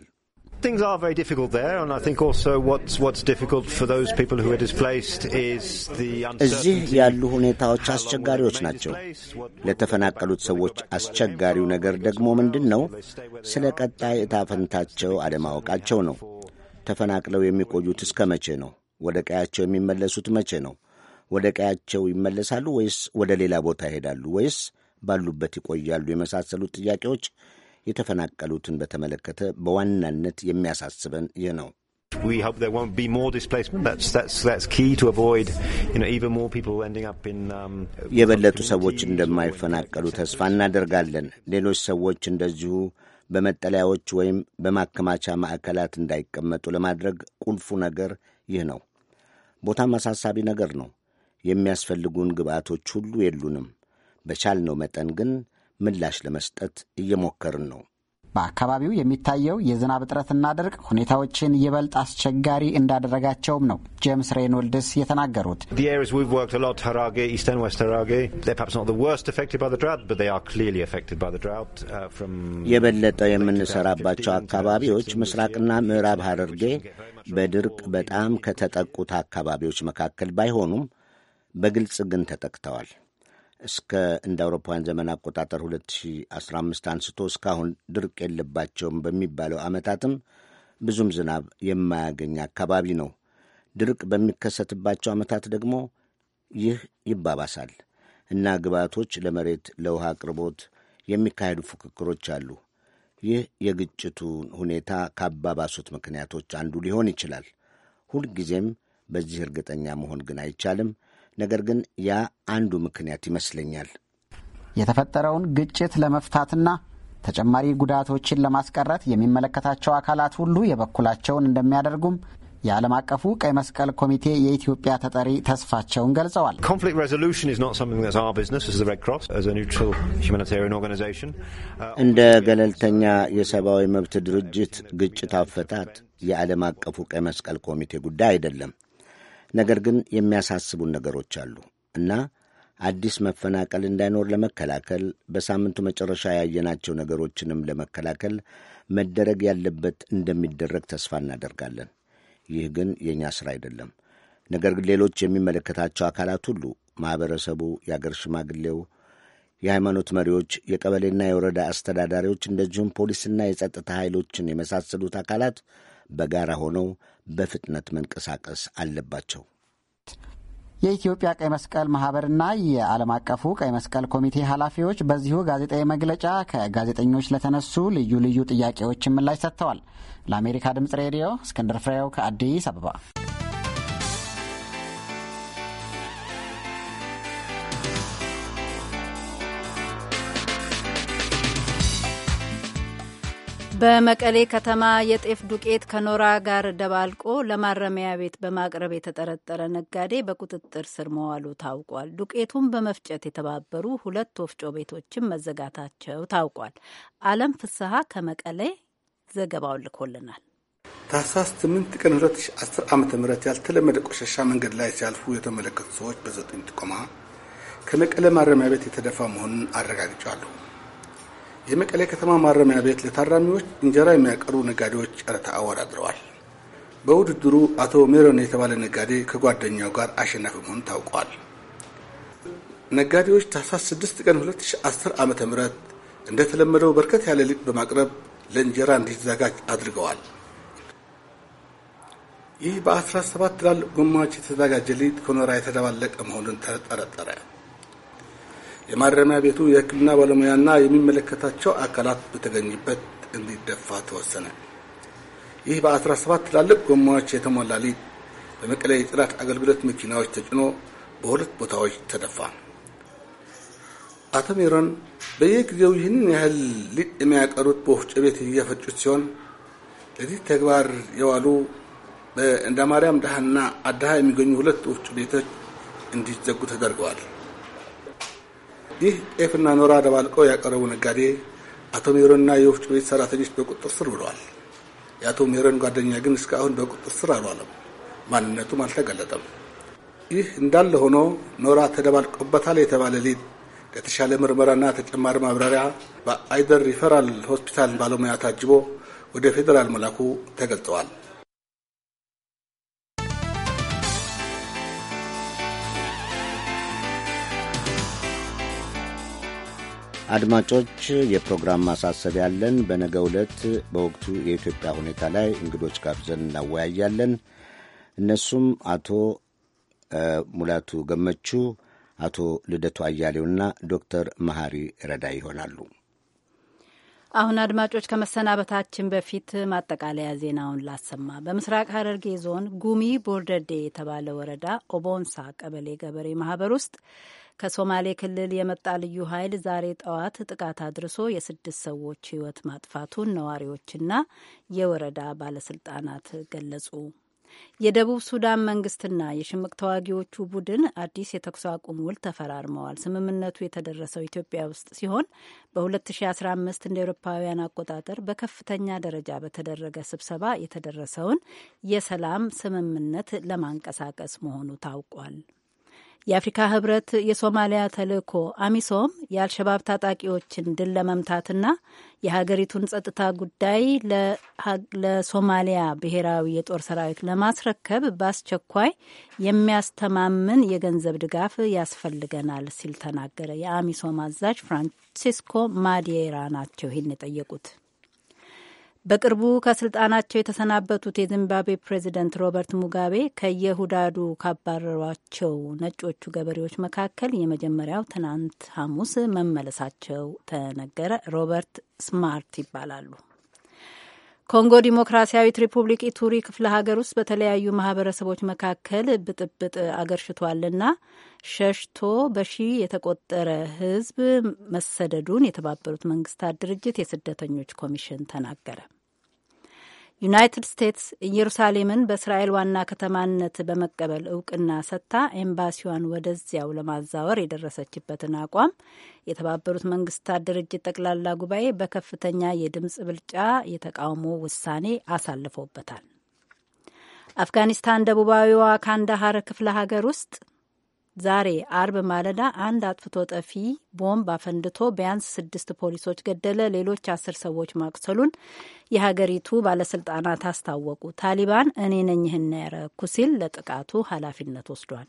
things are very difficult there, and I think also what's what's difficult for those people who are displaced is the እዚህ ያሉ ሁኔታዎች አስቸጋሪዎች ናቸው። ለተፈናቀሉት ሰዎች አስቸጋሪው ነገር ደግሞ ምንድን ነው? ስለ ቀጣይ ዕጣ ፈንታቸው አለማወቃቸው ነው። ተፈናቅለው የሚቆዩት እስከ መቼ ነው? ወደ ቀያቸው የሚመለሱት መቼ ነው? ወደ ቀያቸው ይመለሳሉ ወይስ ወደ ሌላ ቦታ ይሄዳሉ ወይስ ባሉበት ይቆያሉ? የመሳሰሉት ጥያቄዎች የተፈናቀሉትን በተመለከተ በዋናነት የሚያሳስበን ይህ ነው። um, የበለጡ ሰዎች እንደማይፈናቀሉ ተስፋ እናደርጋለን። ሌሎች ሰዎች እንደዚሁ በመጠለያዎች ወይም በማከማቻ ማዕከላት እንዳይቀመጡ ለማድረግ ቁልፉ ነገር ይህ ነው። ቦታም አሳሳቢ ነገር ነው። የሚያስፈልጉን ግብአቶች ሁሉ የሉንም። በቻልነው መጠን ግን ምላሽ ለመስጠት እየሞከርን ነው። በአካባቢው የሚታየው የዝናብ እጥረትና ድርቅ ሁኔታዎችን ይበልጥ አስቸጋሪ እንዳደረጋቸውም ነው ጄምስ ሬኖልድስ የተናገሩት። uh, የበለጠ የምንሰራባቸው አካባቢዎች ምስራቅና ምዕራብ ሐረርጌ በድርቅ በጣም ከተጠቁት አካባቢዎች መካከል ባይሆኑም በግልጽ ግን ተጠቅተዋል። እስከ እንደ አውሮፓውያን ዘመን አቆጣጠር 2015 አንስቶ እስካሁን ድርቅ የለባቸውም በሚባለው ዓመታትም ብዙም ዝናብ የማያገኝ አካባቢ ነው። ድርቅ በሚከሰትባቸው ዓመታት ደግሞ ይህ ይባባሳል እና ግብዓቶች ለመሬት፣ ለውሃ አቅርቦት የሚካሄዱ ፉክክሮች አሉ። ይህ የግጭቱን ሁኔታ ካባባሱት ምክንያቶች አንዱ ሊሆን ይችላል። ሁልጊዜም በዚህ እርግጠኛ መሆን ግን አይቻልም። ነገር ግን ያ አንዱ ምክንያት ይመስለኛል። የተፈጠረውን ግጭት ለመፍታትና ተጨማሪ ጉዳቶችን ለማስቀረት የሚመለከታቸው አካላት ሁሉ የበኩላቸውን እንደሚያደርጉም የዓለም አቀፉ ቀይ መስቀል ኮሚቴ የኢትዮጵያ ተጠሪ ተስፋቸውን ገልጸዋል። እንደ ገለልተኛ የሰብአዊ መብት ድርጅት ግጭት አፈታት የዓለም አቀፉ ቀይ መስቀል ኮሚቴ ጉዳይ አይደለም። ነገር ግን የሚያሳስቡን ነገሮች አሉ እና አዲስ መፈናቀል እንዳይኖር ለመከላከል በሳምንቱ መጨረሻ ያየናቸው ነገሮችንም ለመከላከል መደረግ ያለበት እንደሚደረግ ተስፋ እናደርጋለን። ይህ ግን የእኛ ሥራ አይደለም። ነገር ግን ሌሎች የሚመለከታቸው አካላት ሁሉ ማኅበረሰቡ፣ የአገር ሽማግሌው፣ የሃይማኖት መሪዎች፣ የቀበሌና የወረዳ አስተዳዳሪዎች እንደዚሁም ፖሊስና የጸጥታ ኃይሎችን የመሳሰሉት አካላት በጋራ ሆነው በፍጥነት መንቀሳቀስ አለባቸው። የኢትዮጵያ ቀይ መስቀል ማህበርና የዓለም አቀፉ ቀይ መስቀል ኮሚቴ ኃላፊዎች በዚሁ ጋዜጣዊ መግለጫ ከጋዜጠኞች ለተነሱ ልዩ ልዩ ጥያቄዎች ምላሽ ሰጥተዋል። ለአሜሪካ ድምፅ ሬዲዮ እስክንድር ፍሬው ከአዲስ አበባ በመቀሌ ከተማ የጤፍ ዱቄት ከኖራ ጋር ደባልቆ ለማረሚያ ቤት በማቅረብ የተጠረጠረ ነጋዴ በቁጥጥር ስር መዋሉ ታውቋል። ዱቄቱን በመፍጨት የተባበሩ ሁለት ወፍጮ ቤቶችን መዘጋታቸው ታውቋል። አለም ፍስሀ ከመቀሌ ዘገባውን ልኮልናል። ታህሳስ 8 ቀን 2010 ዓ ም ያልተለመደ ቆሻሻ መንገድ ላይ ሲያልፉ የተመለከቱ ሰዎች በዘጠኝ ጥቆማ ከመቀለ ማረሚያ ቤት የተደፋ መሆኑን አረጋግጫሉ። የመቀሌ ከተማ ማረሚያ ቤት ለታራሚዎች እንጀራ የሚያቀርቡ ነጋዴዎች ጨረታ አወዳድረዋል። በውድድሩ አቶ ሜሮን የተባለ ነጋዴ ከጓደኛው ጋር አሸናፊ መሆኑ ታውቋል። ነጋዴዎች ታህሳስ 6 ቀን 2010 ዓ ም እንደተለመደው በርከት ያለ ሊጥ በማቅረብ ለእንጀራ እንዲዘጋጅ አድርገዋል። ይህ በ17 ትላልቅ ጎማዎች የተዘጋጀ ሊጥ ከኖራ የተደባለቀ መሆኑን ተጠረጠረ። የማረሚያ ቤቱ የሕክምና ባለሙያና የሚመለከታቸው አካላት በተገኙበት እንዲደፋ ተወሰነ። ይህ በ17 ትላልቅ ጎማዎች የተሞላ ሊጥ በመቀለ የጽዳት አገልግሎት መኪናዎች ተጭኖ በሁለት ቦታዎች ተደፋ። አቶ ሜሮን በየጊዜው ይህንን ያህል ሊጥ የሚያቀሩት በወፍጮ ቤት እየፈጩት ሲሆን ለዚህ ተግባር የዋሉ በእንዳ ማርያም ዳህና አዳሃ የሚገኙ ሁለት ወፍጮ ቤቶች እንዲዘጉ ተደርገዋል። ይህ ጤፍና ኖራ ደባልቀው ያቀረቡ ነጋዴ አቶ ሜሮንና የወፍጮ ቤት ሰራተኞች በቁጥር ስር ውለዋል። የአቶ ሜሮን ጓደኛ ግን እስካሁን በቁጥር ስር አልዋለም፣ ማንነቱም አልተገለጠም። ይህ እንዳለ ሆኖ ኖራ ተደባልቆበታል የተባለ ሊጥ ለተሻለ ምርመራና ተጨማሪ ማብራሪያ በአይደር ሪፈራል ሆስፒታል ባለሙያ ታጅቦ ወደ ፌዴራል መላኩ ተገልጸዋል። አድማጮች የፕሮግራም ማሳሰብ ያለን። በነገ ዕለት በወቅቱ የኢትዮጵያ ሁኔታ ላይ እንግዶች ጋብዘን እናወያያለን። እነሱም አቶ ሙላቱ ገመቹ፣ አቶ ልደቱ አያሌውና ዶክተር መሐሪ ረዳ ይሆናሉ። አሁን አድማጮች ከመሰናበታችን በፊት ማጠቃለያ ዜናውን ላሰማ። በምስራቅ ሐረርጌ ዞን ጉሚ ቦርደዴ የተባለ ወረዳ ኦቦንሳ ቀበሌ ገበሬ ማህበር ውስጥ ከሶማሌ ክልል የመጣ ልዩ ኃይል ዛሬ ጠዋት ጥቃት አድርሶ የስድስት ሰዎች ሕይወት ማጥፋቱን ነዋሪዎችና የወረዳ ባለስልጣናት ገለጹ። የደቡብ ሱዳን መንግስትና የሽምቅ ተዋጊዎቹ ቡድን አዲስ የተኩስ አቁም ውል ተፈራርመዋል። ስምምነቱ የተደረሰው ኢትዮጵያ ውስጥ ሲሆን በ2015 እንደ ኤሮፓውያን አቆጣጠር በከፍተኛ ደረጃ በተደረገ ስብሰባ የተደረሰውን የሰላም ስምምነት ለማንቀሳቀስ መሆኑ ታውቋል። የአፍሪካ ህብረት የሶማሊያ ተልእኮ አሚሶም የአልሸባብ ታጣቂዎችን ድል ለመምታትና የሀገሪቱን ጸጥታ ጉዳይ ለሶማሊያ ብሔራዊ የጦር ሰራዊት ለማስረከብ በአስቸኳይ የሚያስተማምን የገንዘብ ድጋፍ ያስፈልገናል ሲል ተናገረ። የአሚሶም አዛዥ ፍራንሲስኮ ማዴራ ናቸው ይህን የጠየቁት። በቅርቡ ከስልጣናቸው የተሰናበቱት የዚምባብዌ ፕሬዚደንት ሮበርት ሙጋቤ ከየሁዳዱ ካባረሯቸው ነጮቹ ገበሬዎች መካከል የመጀመሪያው ትናንት ሐሙስ መመለሳቸው ተነገረ። ሮበርት ስማርት ይባላሉ። ኮንጎ ዲሞክራሲያዊት ሪፑብሊክ ኢቱሪ ክፍለ ሀገር ውስጥ በተለያዩ ማህበረሰቦች መካከል ብጥብጥ አገርሽቷልና ሸሽቶ በሺ የተቆጠረ ሕዝብ መሰደዱን የተባበሩት መንግስታት ድርጅት የስደተኞች ኮሚሽን ተናገረ። ዩናይትድ ስቴትስ ኢየሩሳሌምን በእስራኤል ዋና ከተማነት በመቀበል እውቅና ሰጥታ ኤምባሲዋን ወደዚያው ለማዛወር የደረሰችበትን አቋም የተባበሩት መንግስታት ድርጅት ጠቅላላ ጉባኤ በከፍተኛ የድምፅ ብልጫ የተቃውሞ ውሳኔ አሳልፎበታል። አፍጋኒስታን ደቡባዊዋ ካንዳሃር ክፍለ ሀገር ውስጥ ዛሬ አርብ ማለዳ አንድ አጥፍቶ ጠፊ ቦምብ አፈንድቶ ቢያንስ ስድስት ፖሊሶች ገደለ፣ ሌሎች አስር ሰዎች ማቁሰሉን የሀገሪቱ ባለስልጣናት አስታወቁ። ታሊባን እኔ ነኝ ይህን ያረኩ ሲል ለጥቃቱ ኃላፊነት ወስዷል።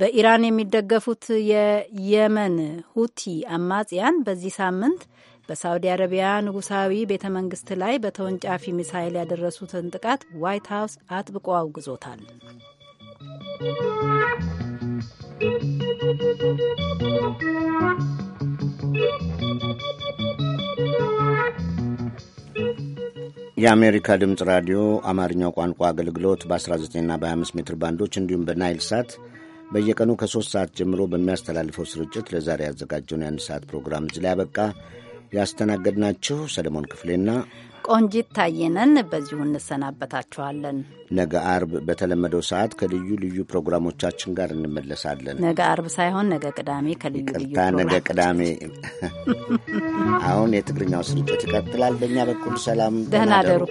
በኢራን የሚደገፉት የየመን ሁቲ አማጽያን በዚህ ሳምንት በሳውዲ አረቢያ ንጉሳዊ ቤተ መንግስት ላይ በተወንጫፊ ሚሳይል ያደረሱትን ጥቃት ዋይት ሀውስ አጥብቆ አውግዞታል። የአሜሪካ ድምፅ ራዲዮ አማርኛው ቋንቋ አገልግሎት በ19ና በ25 ሜትር ባንዶች እንዲሁም በናይል ሳት በየቀኑ ከሦስት ሰዓት ጀምሮ በሚያስተላልፈው ስርጭት ለዛሬ ያዘጋጀውን የአንድ ሰዓት ፕሮግራም እዚህ ላይ ያበቃ። ያስተናገድናችሁ ሰለሞን ክፍሌና ቆንጂት ታየነን በዚሁ እንሰናበታችኋለን። ነገ አርብ በተለመደው ሰዓት ከልዩ ልዩ ፕሮግራሞቻችን ጋር እንመለሳለን። ነገ አርብ ሳይሆን ነገ ቅዳሜ ከልዩ ልዩ ነገ ቅዳሜ። አሁን የትግርኛው ስርጭት ይቀጥላል። በእኛ በኩል ሰላም፣ ደህና ደሩ።